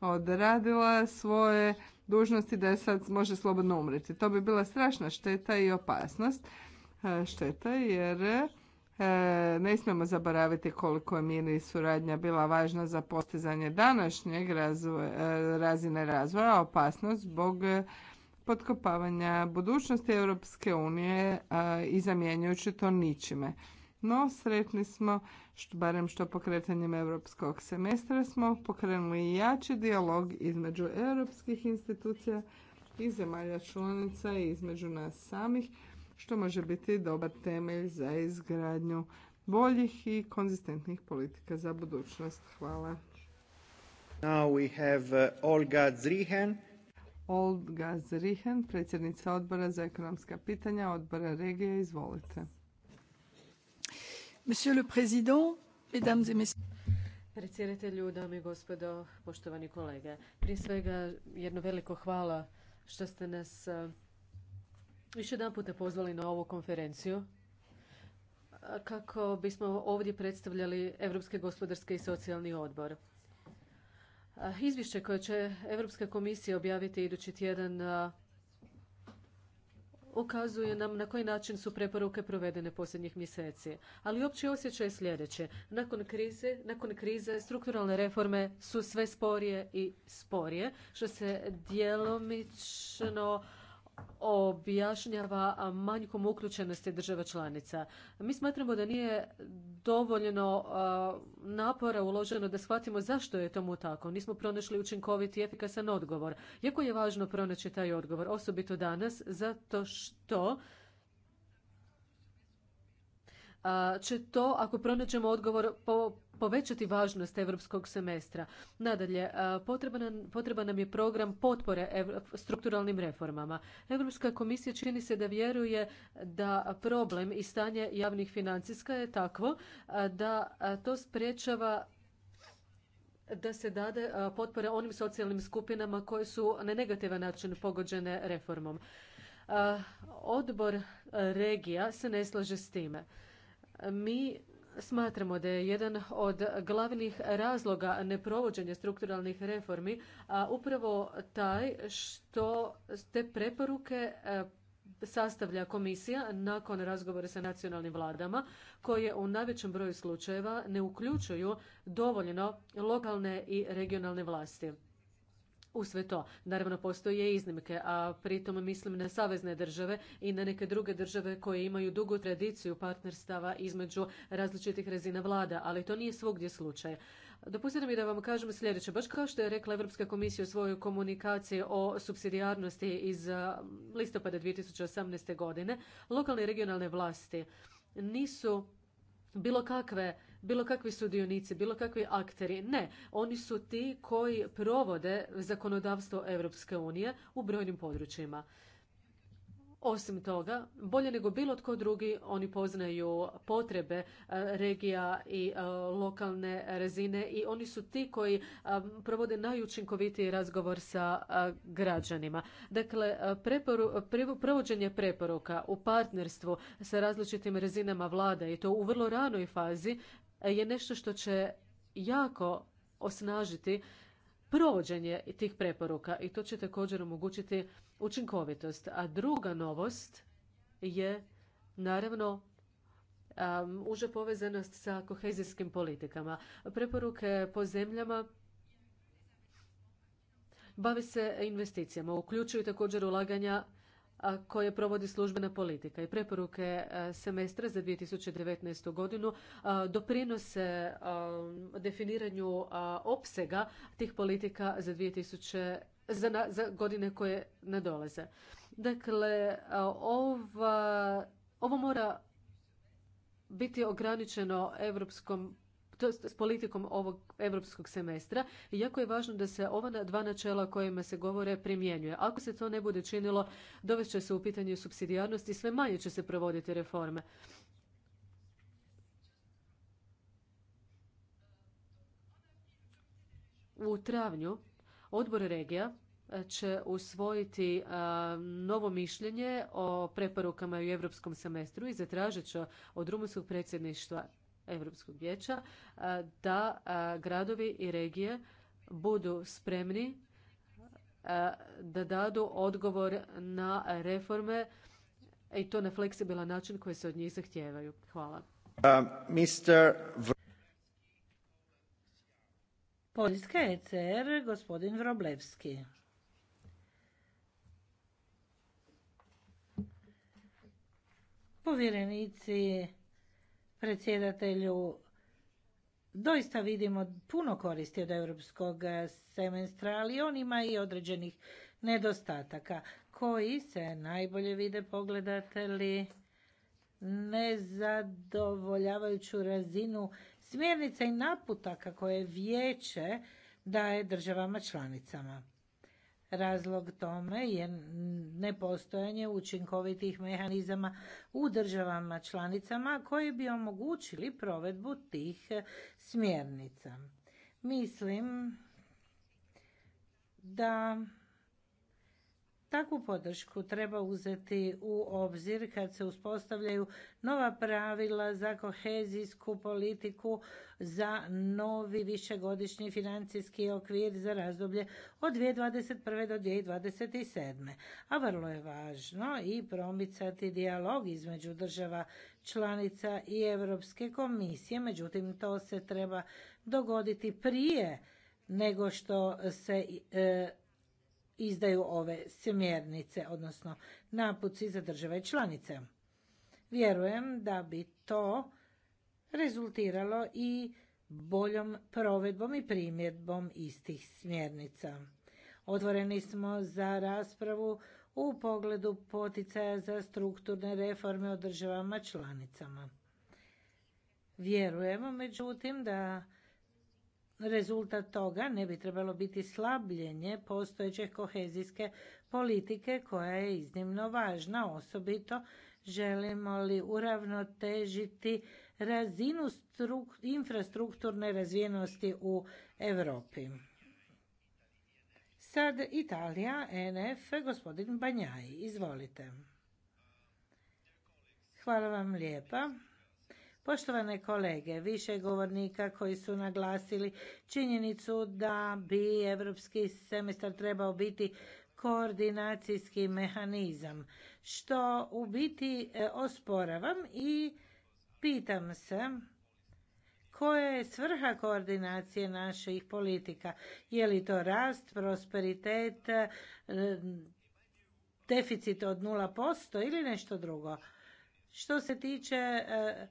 odradila svoje dužnosti da je sad može slobodno umreti. To bi bila strašna šteta i opasnost. E, šteta jer e, ne smijemo zaboraviti koliko je mir i suradnja bila važna za postizanje današnjeg e, razine razvoja, opasnost zbog potkopavanja budućnosti Europske unije i zamjenjujući to ničime. No, sretni smo, što, barem što pokretanjem europskog semestra smo pokrenuli jači dijalog između europskih institucija i zemalja članica i između nas samih, što može biti dobar temelj za izgradnju boljih i konzistentnih politika za budućnost. Hvala. Now we have uh, Olga Zrihen. Olga Zrihen, predsjednica odbora za ekonomska pitanja odbora regije. Izvolite. Monsieur le Président, Mesdames et Messieurs. Predsjedatelju, dame i gospodo, poštovani kolege. Prije svega jedno veliko hvala što ste nas još e, jedanput pozvali na ovu konferenciju e, kako bismo ovdje predstavljali Europski gospodarski i socijalni odbor. E, izvješće koje će Europska komisija objaviti idući tjedan ukazuje nam na koji način su preporuke provedene posljednjih mjeseci. Ali opći osjećaj je sljedeće. Nakon krize, nakon krize strukturalne reforme su sve sporije i sporije, što se djelomično objašnjava manjkom uključenosti država članica. Mi smatramo da nije dovoljno napora uloženo da shvatimo zašto je tomu tako. Nismo pronašli učinkovit i efikasan odgovor. Jako je važno pronaći taj odgovor, osobito danas, zato što će to, ako pronađemo odgovor po povećati važnost europskog semestra. Nadalje, potreban nam je program potpore strukturalnim reformama. Europska komisija čini se da vjeruje da problem i stanje javnih financijska je takvo da to sprječava da se dade potpore onim socijalnim skupinama koje su na negativan način pogođene reformom. Odbor regija se ne slaže s time. Mi Smatramo da je jedan od glavnih razloga neprovođenja strukturalnih reformi a upravo taj što te preporuke e, sastavlja komisija nakon razgovora sa nacionalnim vladama koje u najvećem broju slučajeva ne uključuju dovoljno lokalne i regionalne vlasti u sve to. Naravno, postoje iznimke, a pritom mislim na savezne države i na neke druge države koje imaju dugu tradiciju partnerstava između različitih razina vlada, ali to nije svugdje slučaj. Dopustite mi da vam kažem sljedeće. Baš kao što je rekla Evropska komisija u svojoj komunikaciji o subsidijarnosti iz listopada 2018. godine, lokalne i regionalne vlasti nisu bilo kakve bilo kakvi sudionici, bilo kakvi akteri. Ne, oni su ti koji provode zakonodavstvo Europske unije u brojnim područjima. Osim toga, bolje nego bilo tko drugi, oni poznaju potrebe e, regija i e, lokalne razine i oni su ti koji e, provode najučinkovitiji razgovor sa građanima. Dakle, preporu, provođenje preporuka u partnerstvu sa različitim razinama vlada i to u vrlo ranoj fazi E, je nešto što će jako osnažiti provođenje tih preporuka i to će također omogućiti učinkovitost. A druga novost je naravno um, uže povezanost sa kohezijskim politikama. Preporuke po zemljama bave se investicijama, uključuju također ulaganja koje provodi službena politika i preporuke e, semestra za 2019. godinu doprinose definiranju opsega tih politika za za, godine koje nadolaze. Dakle, ova, ovo mora biti ograničeno europskom to s politikom ovog europskog semestra i jako je važno da se ova dva načela kojima se govore primjenjuje. Ako se to ne bude činilo, dovest će se u pitanje subsidijarnosti i sve manje će se provoditi reforme. U travnju odbor regija e, će usvojiti e, novo mišljenje o preporukama u europskom semestru i zatražit će od rumunskog predsjedništva Europskog vijeća da gradovi i regije budu spremni da dadu odgovor na reforme i to na fleksibilan način koji se od njih zahtijevaju. Hvala. Poljska ECR, gospodin Vroblevski. Povjerenici predsjedatelju. Doista vidimo puno koristi od europskog semestra, ali on ima i određenih nedostataka koji se najbolje vide pogledate li nezadovoljavajuću razinu smjernica i naputaka koje vijeće daje državama članicama. Razlog tome je nepostojanje učinkovitih mehanizama u državama članicama koji bi omogućili provedbu tih smjernica. Mislim da Takvu podršku treba uzeti u obzir kad se uspostavljaju nova pravila za kohezijsku politiku za novi višegodišnji financijski okvir za razdoblje od 2021. do 2027. A vrlo je važno i promicati dijalog između država članica i Europske komisije, međutim to se treba dogoditi prije nego što se e, izdaju ove smjernice, odnosno napuci za države članice. Vjerujem da bi to rezultiralo i boljom provedbom i primjedbom istih smjernica. Otvoreni smo za raspravu u pogledu poticaja za strukturne reforme o državama članicama. Vjerujemo međutim da rezultat toga ne bi trebalo biti slabljenje postojeće kohezijske politike koja je iznimno važna osobito želimo li uravnotežiti razinu infrastrukturne razvijenosti u Europi. Sad Italija, NF, gospodin Banjaj, izvolite. Hvala vam lijepa. Poštovane kolege, više govornika koji su naglasili činjenicu da bi europski semestar trebao biti koordinacijski mehanizam, što u biti e, osporavam i pitam se koja je svrha koordinacije naših politika? Je li to rast, prosperitet, e, deficit od 0% ili nešto drugo? Što se tiče e,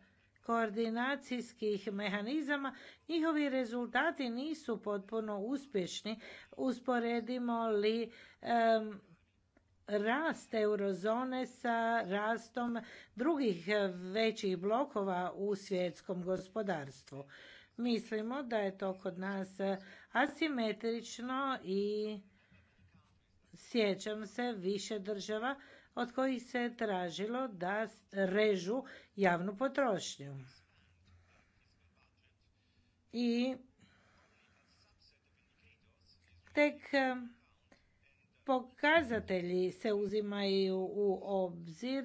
koordinacijskih mehanizama, njihovi rezultati nisu potpuno uspješni. Usporedimo li um, rast eurozone sa rastom drugih većih blokova u svjetskom gospodarstvu. Mislimo da je to kod nas asimetrično i sjećam se više država od kojih se tražilo da režu javnu potrošnju. I tek eh, pokazatelji se uzimaju u obzir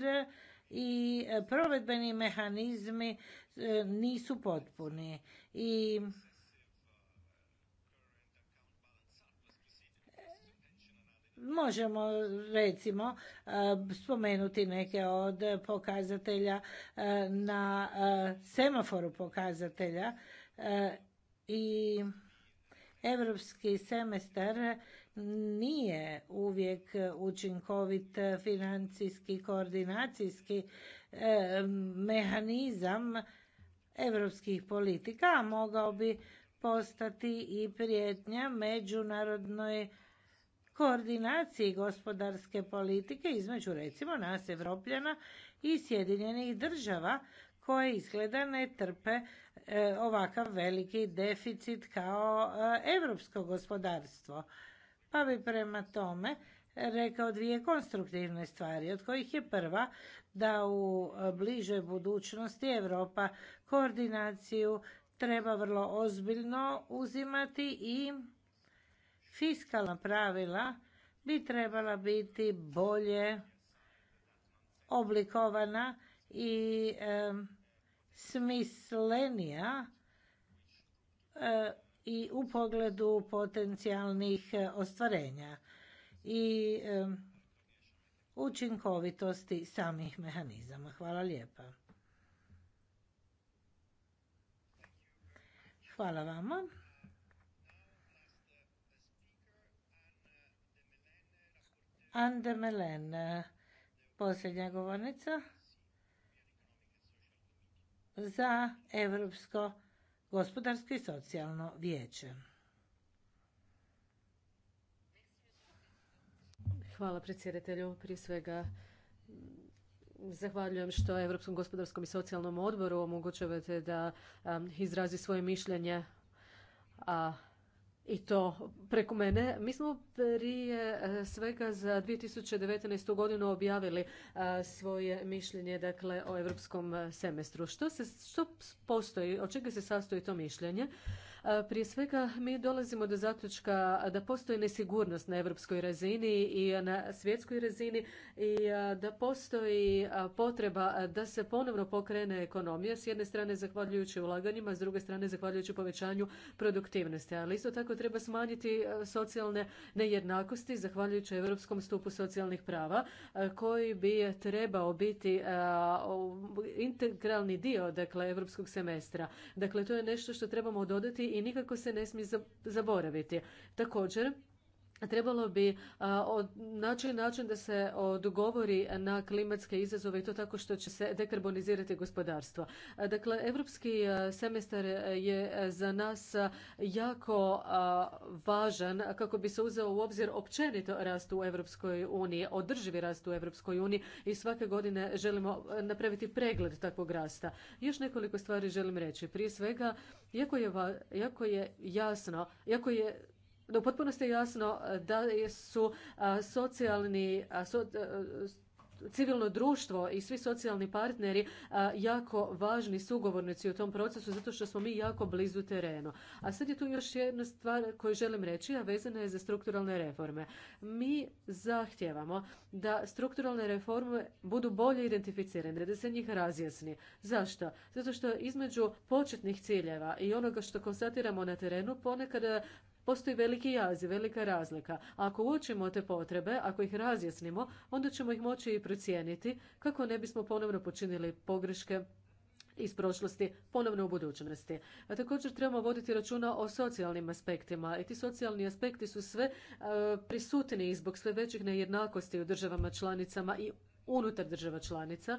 i eh, provedbeni mehanizmi eh, nisu potpuni. I možemo recimo e, spomenuti neke od pokazatelja e, na e, semaforu pokazatelja i europski semestar nije uvijek učinkovit financijski koordinacijski mehanizam europskih politika a mogao bi postati i prijetnja međunarodnoj koordinaciji gospodarske politike između recimo nas Evropljana i Sjedinjenih država koje izgleda ne trpe e, ovakav veliki deficit kao e, evropsko gospodarstvo. Pa bi prema tome rekao dvije konstruktivne stvari, od kojih je prva da u bližoj budućnosti Europa koordinaciju treba vrlo ozbiljno uzimati i fiskalna pravila bi trebala biti bolje oblikovana i smislenija eh, i u pogledu potencijalnih eh, ostvarenja i učinkovitosti samih mehanizama. Hvala lijepa. Hvala vama. Ande Melen, posljednja govornica za Evropsko gospodarsko i socijalno vijeće. Hvala predsjedatelju. Prije svega Zahvaljujem što Europskom gospodarskom i socijalnom odboru omogućavate da izrazi svoje mišljenje, a i to preko mene. Mi smo prije e, svega za 2019. godinu objavili e, svoje mišljenje dakle, o europskom e, semestru. Što, se, što postoji, od čega se sastoji to mišljenje? Prije svega mi dolazimo do zaključka da postoji nesigurnost na europskoj razini i na svjetskoj razini i da postoji potreba da se ponovno pokrene ekonomija s jedne strane zahvaljujući ulaganjima, s druge strane zahvaljujući povećanju produktivnosti. Ali isto tako treba smanjiti e, socijalne nejednakosti zahvaljujući Europskom stupu socijalnih prava e, koji bi trebao biti e, integralni dio dakle europskog semestra. Dakle to je nešto što trebamo dodati i nikako se ne smije zaboraviti. Također Trebalo bi naći način da se odgovori na klimatske izazove i to tako što će se dekarbonizirati gospodarstvo. Dakle, evropski semestar je za nas jako važan kako bi se uzeo u obzir općenito rast u Evropskoj uniji, održivi rast u Evropskoj uniji i svake godine želimo napraviti pregled takvog rasta. Još nekoliko stvari želim reći. Prije svega, jako je, jako je jasno, jako je no potpuno ste jasno e, da su e, socijalni, e, civilno društvo i svi socijalni partneri jako važni sugovornici u tom procesu zato što smo mi jako blizu terenu. A sad je tu još jedna stvar koju želim reći, a vezana je za strukturalne reforme. Mi zahtjevamo da strukturalne reforme budu bolje identificirane, da se njih razjasni. Zašto? Zato što između početnih ciljeva i onoga što konstatiramo na terenu ponekad postoji veliki jaz velika razlika. Ako uočimo te potrebe, ako ih razjasnimo, onda ćemo ih moći i procijeniti kako ne bismo ponovno počinili pogreške iz prošlosti ponovno u budućnosti. A također trebamo voditi računa o socijalnim aspektima i ti socijalni aspekti su sve e, prisutniji zbog sve većih nejednakosti u državama članicama i unutar država članica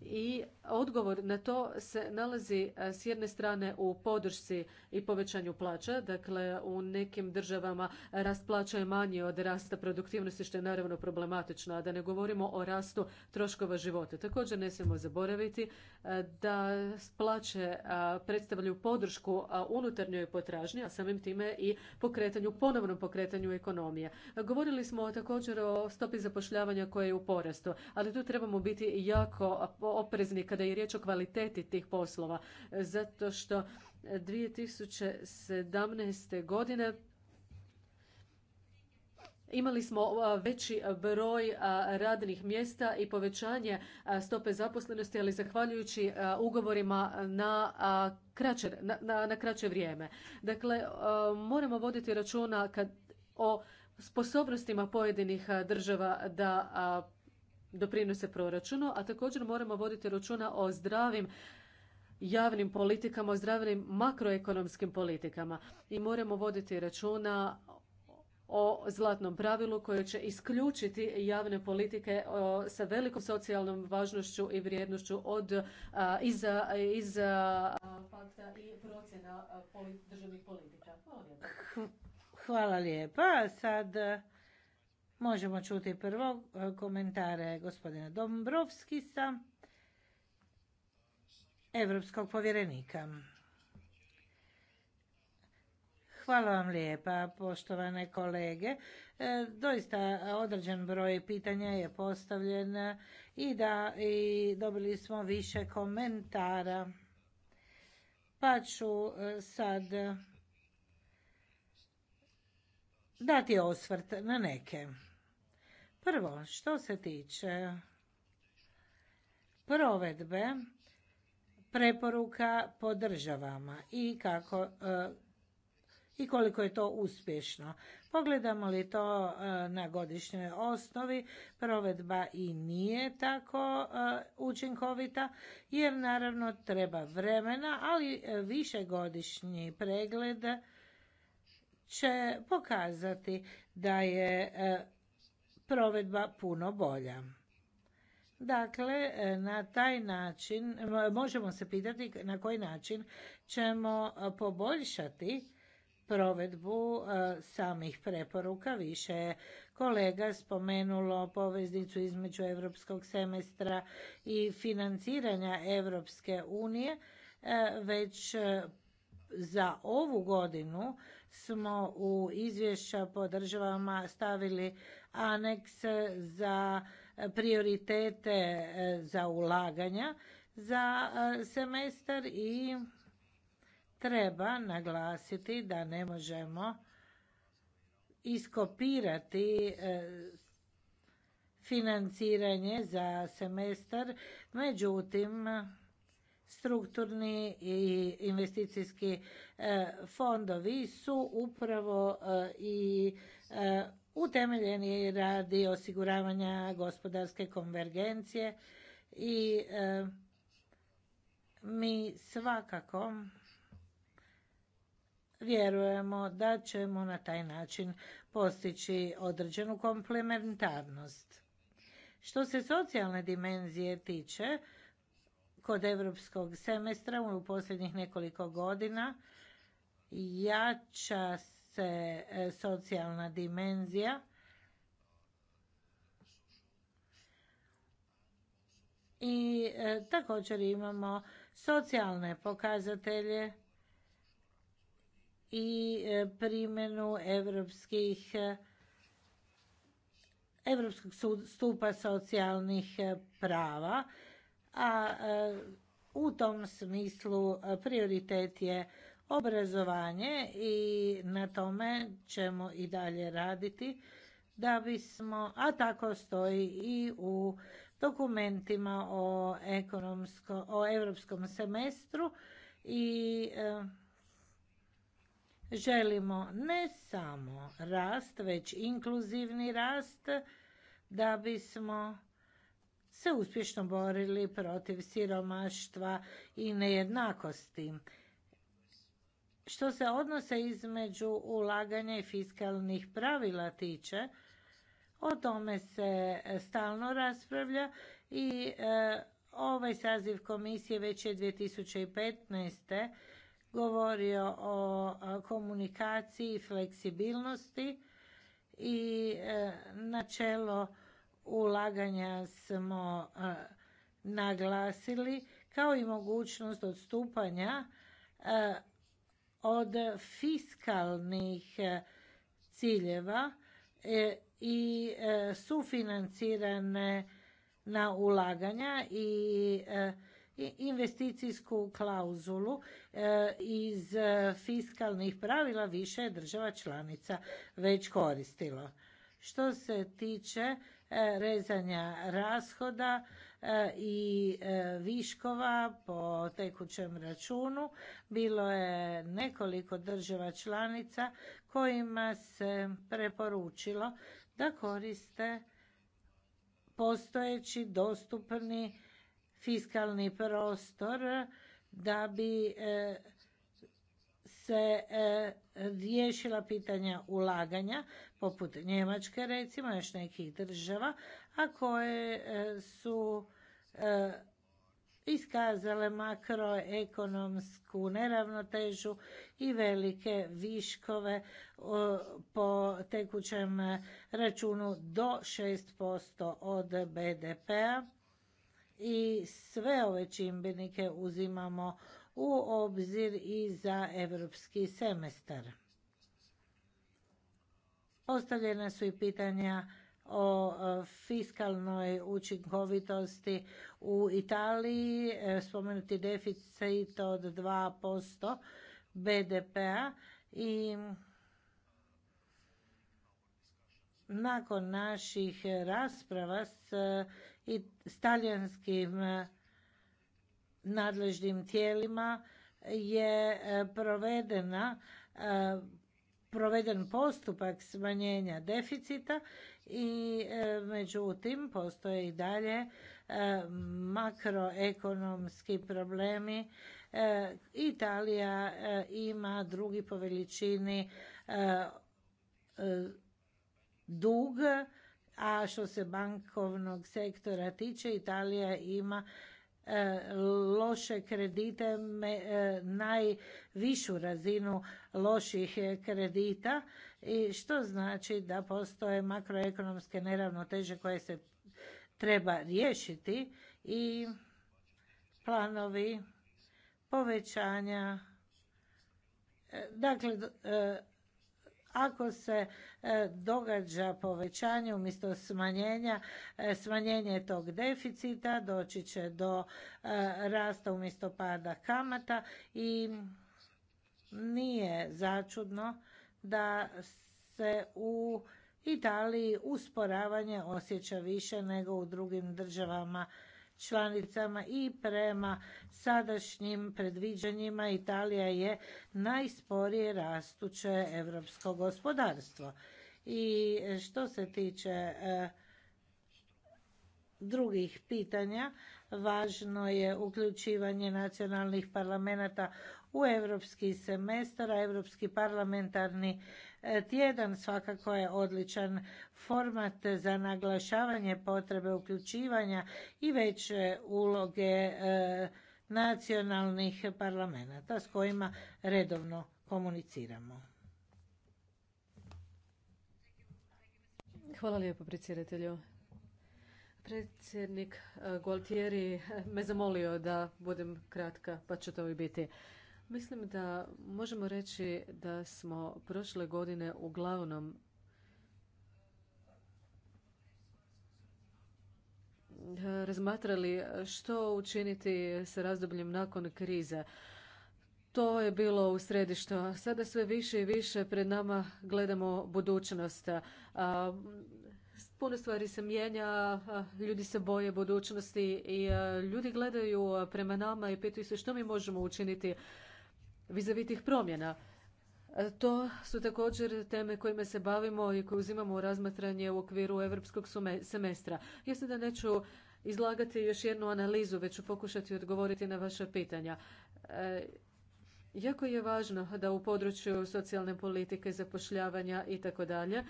i odgovor na to se nalazi e, s jedne strane u podršci i povećanju plaća. Dakle, u nekim državama rast plaća je manji od rasta produktivnosti, što je naravno problematično, a da ne govorimo o rastu troškova života. Također ne smijemo zaboraviti e, da plaće e, predstavljaju podršku unutarnjoj potražnji, a samim time i pokretanju, ponovnom pokretanju ekonomije. Govorili smo također o stopi zapošljavanja koja je u porastu, ali tu trebamo biti jako oprezni kada je riječ o kvaliteti tih poslova, zato što 2017. godine Imali smo veći broj radnih mjesta i povećanje stope zaposlenosti, ali zahvaljujući ugovorima na kraće, na, na, kraće vrijeme. Dakle, moramo voditi računa kad, o sposobnostima pojedinih država da doprinose proračunu, a također moramo voditi računa o zdravim javnim politikama, o zdravim makroekonomskim politikama i moramo voditi računa o zlatnom pravilu koje će isključiti javne politike sa velikom socijalnom važnošću i vrijednošću od iza iz i procjena državnih politika. Hvala lijepa. Hvala lijepa. Sad Možemo čuti prvo e, komentare gospodina Dombrovskisa, evropskog povjerenika. Hvala vam lijepa, poštovane kolege. E, doista određen broj pitanja je postavljen i da i dobili smo više komentara. Pa ću e, sad dati osvrt na neke. Prvo, što se tiče provedbe preporuka po državama i kako e, i koliko je to uspješno. Pogledamo li to e, na godišnjoj osnovi, provedba i nije tako e, učinkovita, jer naravno treba vremena, ali višegodišnji pregled će pokazati da je provedba puno bolja. Dakle, e, na taj način e, možemo se pitati na koji način ćemo poboljšati provedbu e, samih preporuka. Više je kolega spomenulo poveznicu između europskog semestra i financiranja Europske unije. Već za ovu godinu smo u izvješća po državama stavili aneks za prioritete e, za ulaganja za e, semestar i treba naglasiti da ne možemo iskopirati e, financiranje za semestar, međutim strukturni i investicijski fondovi su upravo i utemeljeni radi osiguravanja gospodarske konvergencije i e, mi svakako vjerujemo da ćemo na taj način postići određenu komplementarnost. Što se socijalne dimenzije tiče, kod europskog semestra u posljednjih nekoliko godina jača se e, socijalna dimenzija i e, također imamo socijalne pokazatelje i e, primjenu europskih Europskog stupa socijalnih prava, a u tom smislu prioritet je obrazovanje i na tome ćemo i dalje raditi da bismo, a tako stoji i u dokumentima o, ekonomsko, o europskom semestru i e, želimo ne samo rast, već inkluzivni rast da bismo se uspješno borili protiv siromaštva i nejednakosti što se odnose između ulaganja i fiskalnih pravila tiče, o tome se stalno raspravlja i e, ovaj saziv komisije već je 2015. govorio o komunikaciji i fleksibilnosti i e, načelo ulaganja smo naglasili kao i mogućnost odstupanja od fiskalnih e, ciljeva e, i e, sufinancirane na ulaganja i investicijsku klauzulu iz fiskalnih pravila više je država članica već koristilo. Što se tiče rezanja rashoda, E, i e, viškova po tekućem računu. Bilo je nekoliko država članica kojima se preporučilo da koriste postojeći dostupni fiskalni prostor da bi e, se riješila pitanja ulaganja poput Njemačke recimo još nekih država a koje e, su e, iskazale makroekonomsku neravnotežu i velike viškove po tekućem računu do 6% od BDP-a i sve ove čimbenike uzimamo u obzir i za europski semestar. Postavljena su i pitanja o e, fiskalnoj učinkovitosti u Italiji, e, spomenuti deficit od 2% BDP-a i nakon naših rasprava s e, talijanskim nadležnim tijelima je provedena proveden postupak smanjenja deficita i e, međutim postoje i dalje e, makroekonomski problemi. E, Italija ima drugi po veličini dug, a što se bankovnog sektora tiče, Italija ima loše kredite, najvišu razinu loših kredita i što znači da postoje makroekonomske neravnoteže koje se treba riješiti i planovi povećanja e, dakle e, ako se e, događa povećanje umjesto smanjenja smanjenje tog deficita doći će do rasta umjesto pada kamata i nije začudno da se u Italiji usporavanje osjeća više nego u drugim državama članicama i prema sadašnjim predviđanjima Italija je najsporije rastuće europsko gospodarstvo. I što se tiče e, drugih pitanja, važno je uključivanje nacionalnih parlamenta u europski semestar, a europski parlamentarni e, tjedan svakako je odličan format za naglašavanje potrebe uključivanja i veće uloge e, nacionalnih parlamenta s kojima redovno komuniciramo. Hvala lijepo predsjedatelju. Predsjednik e, Gualtieri me zamolio da budem kratka, pa će to i biti. Mislim da možemo reći da smo prošle godine uglavnom razmatrali što učiniti sa razdobljem nakon krize. To je bilo u središtu. Sada sve više i više pred nama gledamo budućnost. Puno stvari se mijenja, ljudi se boje budućnosti i ljudi gledaju prema nama i pitaju se što mi možemo učiniti vizavi promjena. E, to su također teme kojima se bavimo i koje uzimamo u razmatranje u okviru europskog semestra. Jasno da neću izlagati još jednu analizu, već ću pokušati odgovoriti na vaša pitanja. E, jako je važno da u području socijalne politike, zapošljavanja i tako dalje, e,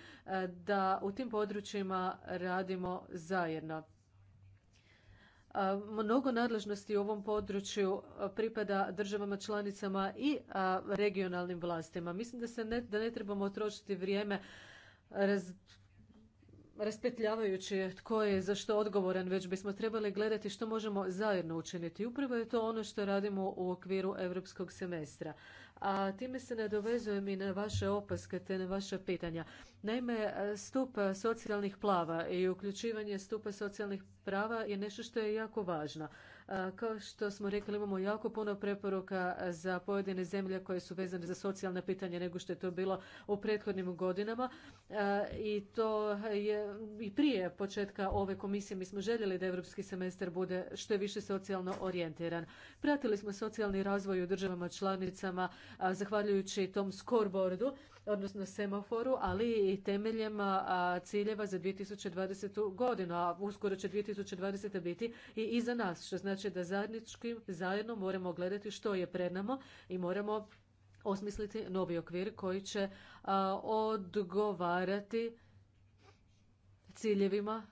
da u tim područjima radimo zajedno. Mnogo nadležnosti u ovom području pripada državama članicama i regionalnim vlastima. Mislim da se ne, da ne trebamo trošiti vrijeme raz, raspetljavajući tko je za što odgovoran, već bismo trebali gledati što možemo zajedno učiniti. Upravo je to ono što radimo u okviru europskog semestra. A time se nadovezujem i na vaše opaske te na vaše pitanja. Naime, stup socijalnih plava i uključivanje stupa socijalnih prava je nešto što je jako važno. Kao što smo rekli, imamo jako puno preporuka za pojedine zemlje koje su vezane za socijalne pitanje nego što je to bilo u prethodnim godinama. I to je i prije početka ove komisije mi smo željeli da europski semestar bude što je više socijalno orijentiran. Pratili smo socijalni razvoj u državama članicama zahvaljujući tom skorbordu odnosno semaforu, ali i temeljem ciljeva za 2020. godinu, a uskoro će 2020. biti i iza nas, što znači da zajednički, zajedno moramo gledati što je pred nama i moramo osmisliti novi okvir koji će odgovarati ciljevima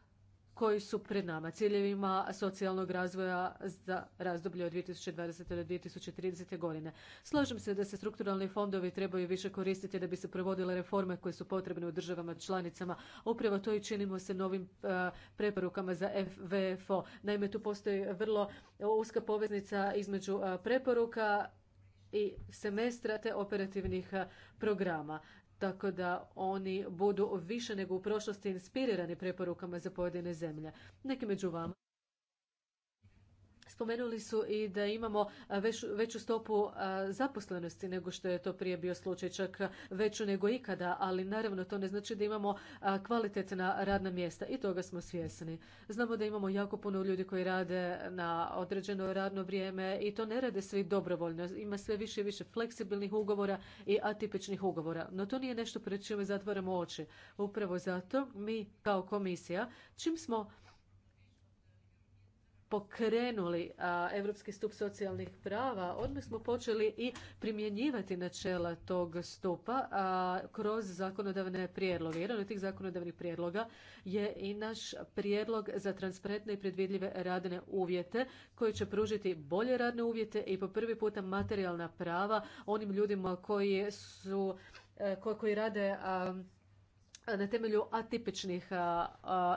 koji su pred nama ciljevima socijalnog razvoja za razdoblje od 2020. do 2030. godine. Slažem se da se strukturalni fondovi trebaju više koristiti da bi se provodile reforme koje su potrebne u državama članicama. Upravo to i činimo se novim e, preporukama za FVFO. Naime, tu postoji vrlo uska poveznica između e, preporuka i semestra te operativnih e, programa tako da oni budu više nego u prošlosti inspirirani preporukama za pojedine zemlje. Neki među vama Spomenuli su i da imamo veću stopu zaposlenosti nego što je to prije bio slučaj, čak veću nego ikada, ali naravno to ne znači da imamo kvalitetna radna mjesta i toga smo svjesni. Znamo da imamo jako puno ljudi koji rade na određeno radno vrijeme i to ne rade svi dobrovoljno. Ima sve više i više fleksibilnih ugovora i atipičnih ugovora. No to nije nešto pred čime zatvaramo oči. Upravo zato mi kao komisija, čim smo pokrenuli Europski stup socijalnih prava, odmah smo počeli i primjenjivati načela tog stupa kroz zakonodavne prijedloge. Jedan od tih zakonodavnih prijedloga je i naš prijedlog za transparentne i predvidljive radne uvjete koji će pružiti bolje radne uvjete i po prvi puta materijalna prava onim ljudima koji su e, koji, rade na temelju atipičnih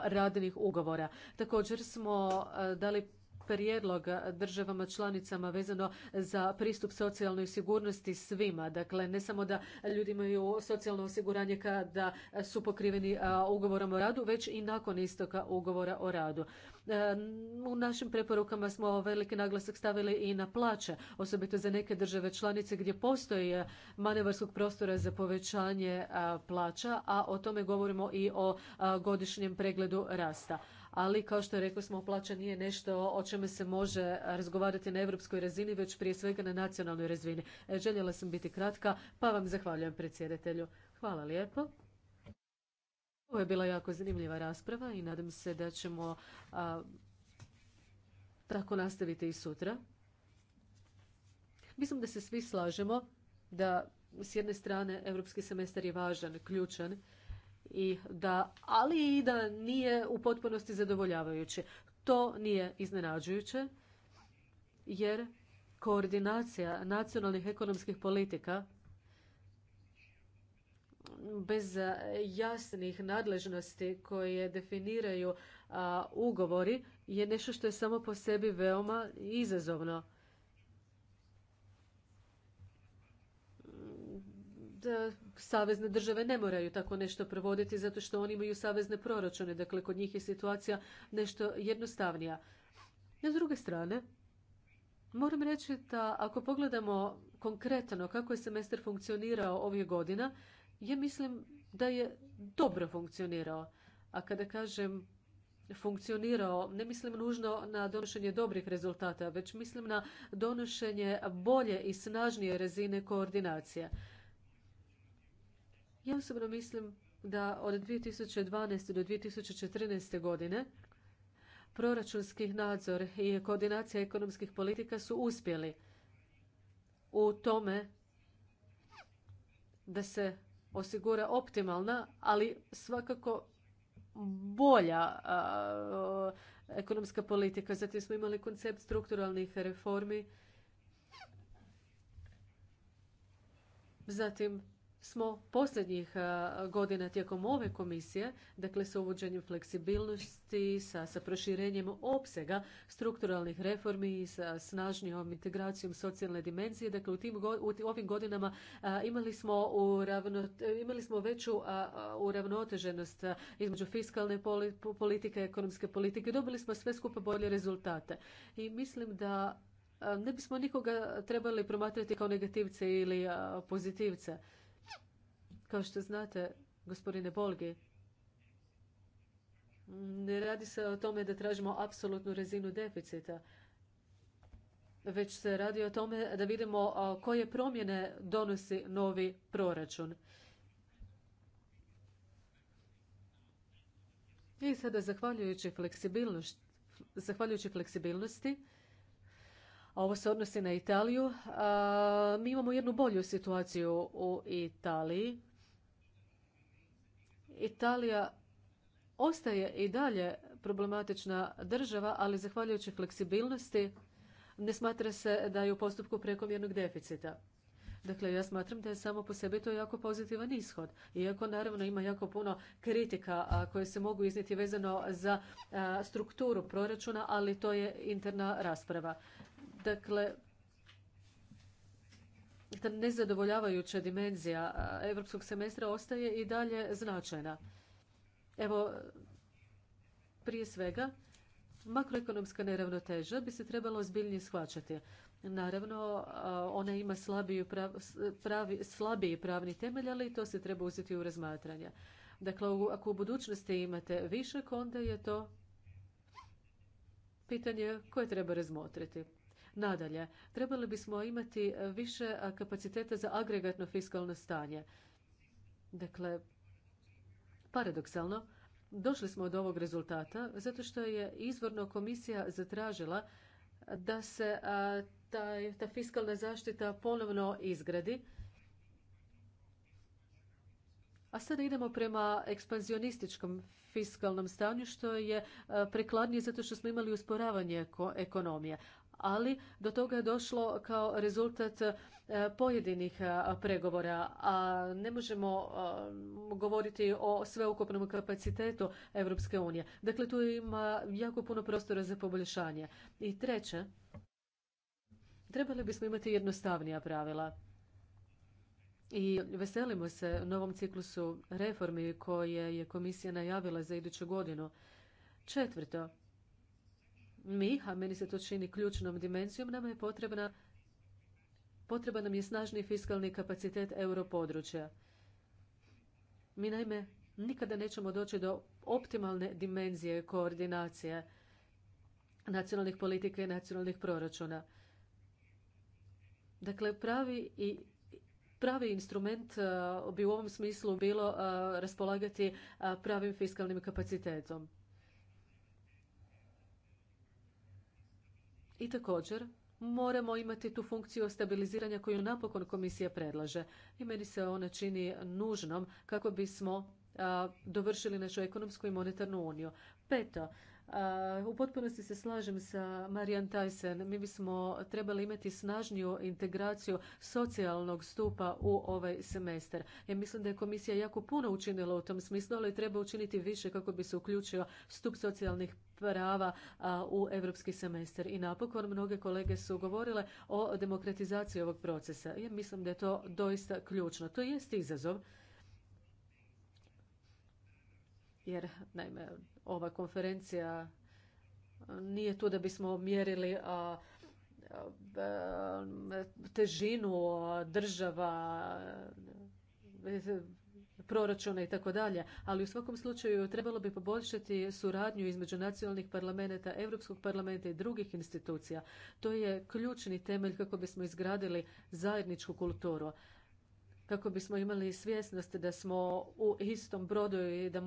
radnih ugovora. Također smo dali prijedlog državama članicama vezano za pristup socijalnoj sigurnosti svima. Dakle, ne samo da ljudi imaju socijalno osiguranje kada su pokriveni ugovorom o radu, već i nakon istoka ugovora o radu. E, u našim preporukama smo veliki naglasak stavili i na plaće, osobito za neke države članice gdje postoji manevarskog prostora za povećanje plaća, a o tome govorimo i o godišnjem pregledu rasta ali kao što rekli smo plaća nije nešto o čemu se može razgovarati na europskoj razini već prije svega na nacionalnoj razini. E, željela sam biti kratka pa vam zahvaljujem predsjedatelju. Hvala lijepo. Ovo je bila jako zanimljiva rasprava i nadam se da ćemo a, tako nastaviti i sutra. Mislim da se svi slažemo da s jedne strane europski semestar je važan, ključan, i da, ali i da nije u potpunosti zadovoljavajuće. To nije iznenađujuće jer koordinacija nacionalnih ekonomskih politika bez jasnih nadležnosti koje definiraju ugovori je nešto što je samo po sebi veoma izazovno da savezne države ne moraju tako nešto provoditi zato što oni imaju savezne proračune. Dakle, kod njih je situacija nešto jednostavnija. S druge strane, moram reći da ako pogledamo konkretno kako je semestar funkcionirao ovih godina, ja mislim da je dobro funkcionirao. A kada kažem funkcionirao, ne mislim nužno na donošenje dobrih rezultata, već mislim na donošenje bolje i snažnije razine koordinacije. Ja osobno mislim da od 2012. do 2014. godine proračunski nadzor i koordinacija ekonomskih politika su uspjeli u tome da se osigura optimalna, ali svakako bolja ekonomska politika. Zatim smo imali koncept strukturalnih reformi. Zatim smo posljednjih e, godina tijekom ove komisije, dakle sa uvođenjem fleksibilnosti, sa, proširenjem opsega strukturalnih reformi i sa snažnijom integracijom socijalne dimenzije, dakle u, tim, ovim godinama e, imali, smo imali smo veću uravnoteženost e, između fiskalne politike, i ekonomske politike, dobili smo sve skupa bolje rezultate. I mislim da ne bismo nikoga trebali promatrati kao negativce ili pozitivce. Kao što znate, gospodine Bolgi, ne radi se o tome da tražimo apsolutnu razinu deficita, već se radi o tome da vidimo koje promjene donosi novi proračun. I sada, zahvaljujući fleksibilnosti, fleksibilnosti a ovo se odnosi na Italiju, mi imamo jednu bolju situaciju u Italiji Italija ostaje i dalje problematična država, ali zahvaljujući fleksibilnosti ne smatra se da je u postupku prekomjernog deficita. Dakle, ja smatram da je samo po sebi to jako pozitivan ishod. Iako, naravno, ima jako puno kritika koje se mogu iznijeti vezano za strukturu proračuna, ali to je interna rasprava. Dakle, nezadovoljavajuća dimenzija europskog semestra ostaje i dalje značajna. Evo, prije svega, makroekonomska neravnoteža bi se trebalo ozbiljnije shvaćati. Naravno, ona ima slabiji, pravni temelj, ali i to se treba uzeti u razmatranje. Dakle, ako u budućnosti imate višak, onda je to pitanje koje treba razmotriti. Nadalje, trebali bismo imati više kapaciteta za agregatno fiskalno stanje. Dakle, paradoksalno, došli smo od ovog rezultata zato što je izvorno komisija zatražila da se ta, ta fiskalna zaštita ponovno izgradi. A sada idemo prema ekspanzionističkom fiskalnom stanju, što je prekladnije zato što smo imali usporavanje ekonomije ali do toga je došlo kao rezultat e, pojedinih e, pregovora, a ne možemo e, govoriti o sveukupnom kapacitetu Europske unije. Dakle, tu ima jako puno prostora za poboljšanje. I treće, trebali bismo imati jednostavnija pravila. I veselimo se novom ciklusu reformi koje je komisija najavila za iduću godinu. Četvrto, mi, a meni se to čini ključnom dimenzijom, nama je potrebna potreba nam je snažni fiskalni kapacitet europodručja. Mi naime nikada nećemo doći do optimalne dimenzije koordinacije nacionalnih politika i nacionalnih proračuna. Dakle, pravi i pravi instrument bi u ovom smislu bilo raspolagati pravim fiskalnim kapacitetom. I također moramo imati tu funkciju stabiliziranja koju napokon komisija predlaže. I meni se ona čini nužnom kako bismo dovršili našu ekonomsku i monetarnu uniju. Peto, u potpunosti se slažem sa Marijan Tyson. Mi bismo trebali imati snažniju integraciju socijalnog stupa u ovaj semestar. Ja mislim da je komisija jako puno učinila u tom smislu, ali treba učiniti više kako bi se uključio stup socijalnih prava u europski semestar. I napokon mnoge kolege su govorile o demokratizaciji ovog procesa. Ja mislim da je to doista ključno. To jest izazov jer naime ova konferencija nije tu da bismo mjerili težinu država, proračuna i tako dalje, ali u svakom slučaju trebalo bi poboljšati suradnju između nacionalnih parlamenta, Europskog parlamenta i drugih institucija. To je ključni temelj kako bismo izgradili zajedničku kulturu kako bismo imali svjesnost da smo u istom brodu i da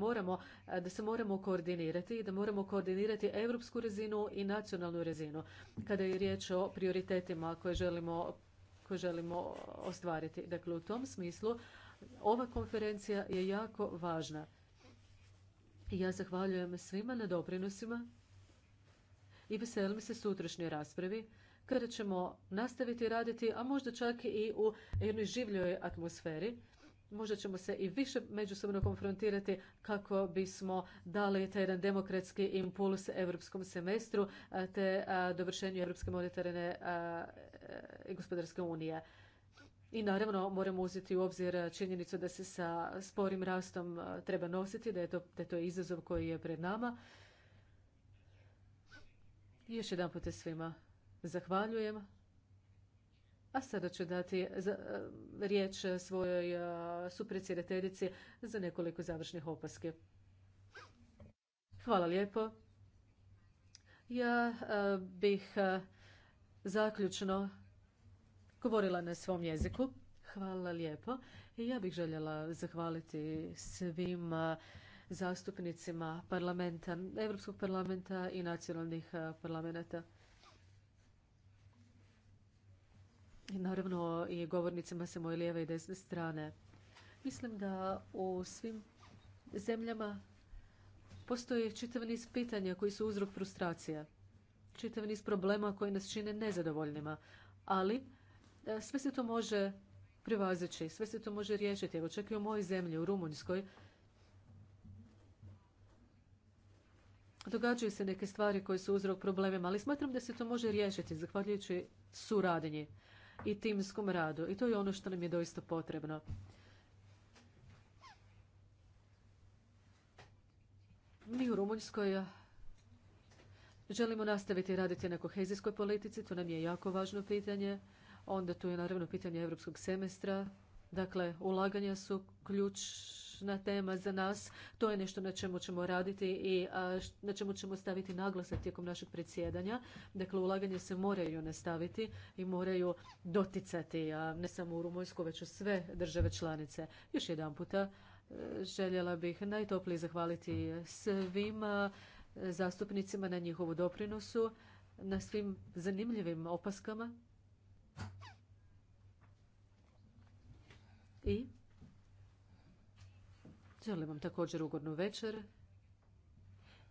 da se moramo koordinirati i da moramo koordinirati europsku razinu i nacionalnu razinu kada je riječ o prioritetima koje želimo, koje želimo ostvariti. Dakle, u tom smislu ova konferencija je jako važna. I ja zahvaljujem svima na doprinosima i veselim se sutrašnjoj raspravi kada ćemo nastaviti raditi, a možda čak i u jednoj življoj atmosferi. Možda ćemo se i više međusobno konfrontirati kako bismo dali taj jedan demokratski impuls europskom semestru te dovršenju Europske monetarne i e, gospodarske unije. I naravno moramo uzeti u obzir činjenicu da se sa sporim rastom treba nositi, da je to, da je izazov koji je pred nama. I još jedan svima Zahvaljujem. A sada ću dati eh, eh, riječ svojoj eh, supredsjedateljici za nekoliko završnih opaske. Hvala lijepo. Ja bih zaključno govorila na svom jeziku. Hvala lijepo. Ja bih željela zahvaliti svim zastupnicima parlamenta, Europskog parlamenta i nacionalnih parlamenta. i naravno i govornicima sa moje lijeve i desne strane. Mislim da u svim zemljama postoji čitav niz pitanja koji su uzrok frustracija, čitav niz problema koji nas čine nezadovoljnima, ali e, sve se to može privazeći, sve se to može riješiti. Evo čak i u mojoj zemlji, u Rumunjskoj, Događaju se neke stvari koje su uzrok problema, ali smatram da se to može riješiti zahvaljujući suradnji i timskom radu. I to je ono što nam je doista potrebno. Mi u Rumunjskoj želimo nastaviti raditi na kohezijskoj politici, to nam je jako važno pitanje. Onda tu je naravno pitanje europskog semestra. Dakle, ulaganja su ključ ključna tema za nas. To je nešto na čemu ćemo raditi i na čemu ćemo staviti naglasak tijekom našeg predsjedanja. Dakle, ulaganje se moraju nastaviti i moraju doticati, a ne samo u Rumunjsku, već u sve države članice. Još jedan puta e, željela bih najtoplije zahvaliti svima zastupnicima na njihovu doprinosu, na svim zanimljivim opaskama. I Želim vam također ugodnu večer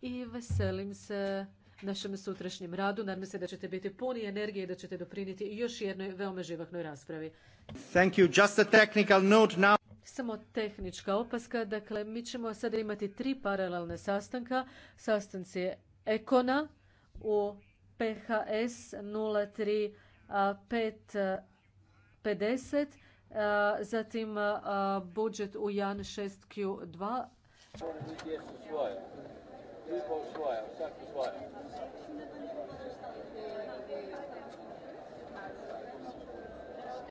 i veselim se našem sutrašnjem radu. Nadam se da ćete biti puni energije i da ćete doprinijeti još jednoj veoma živahnoj raspravi. Samo tehnička opaska. Dakle, mi ćemo sada imati tri paralelne sastanka. Sastanci Ekona u PHS 03 50. Eh, zatim eh, budžet u Jan 6Q2. Jesu svoje. Svaki svoje.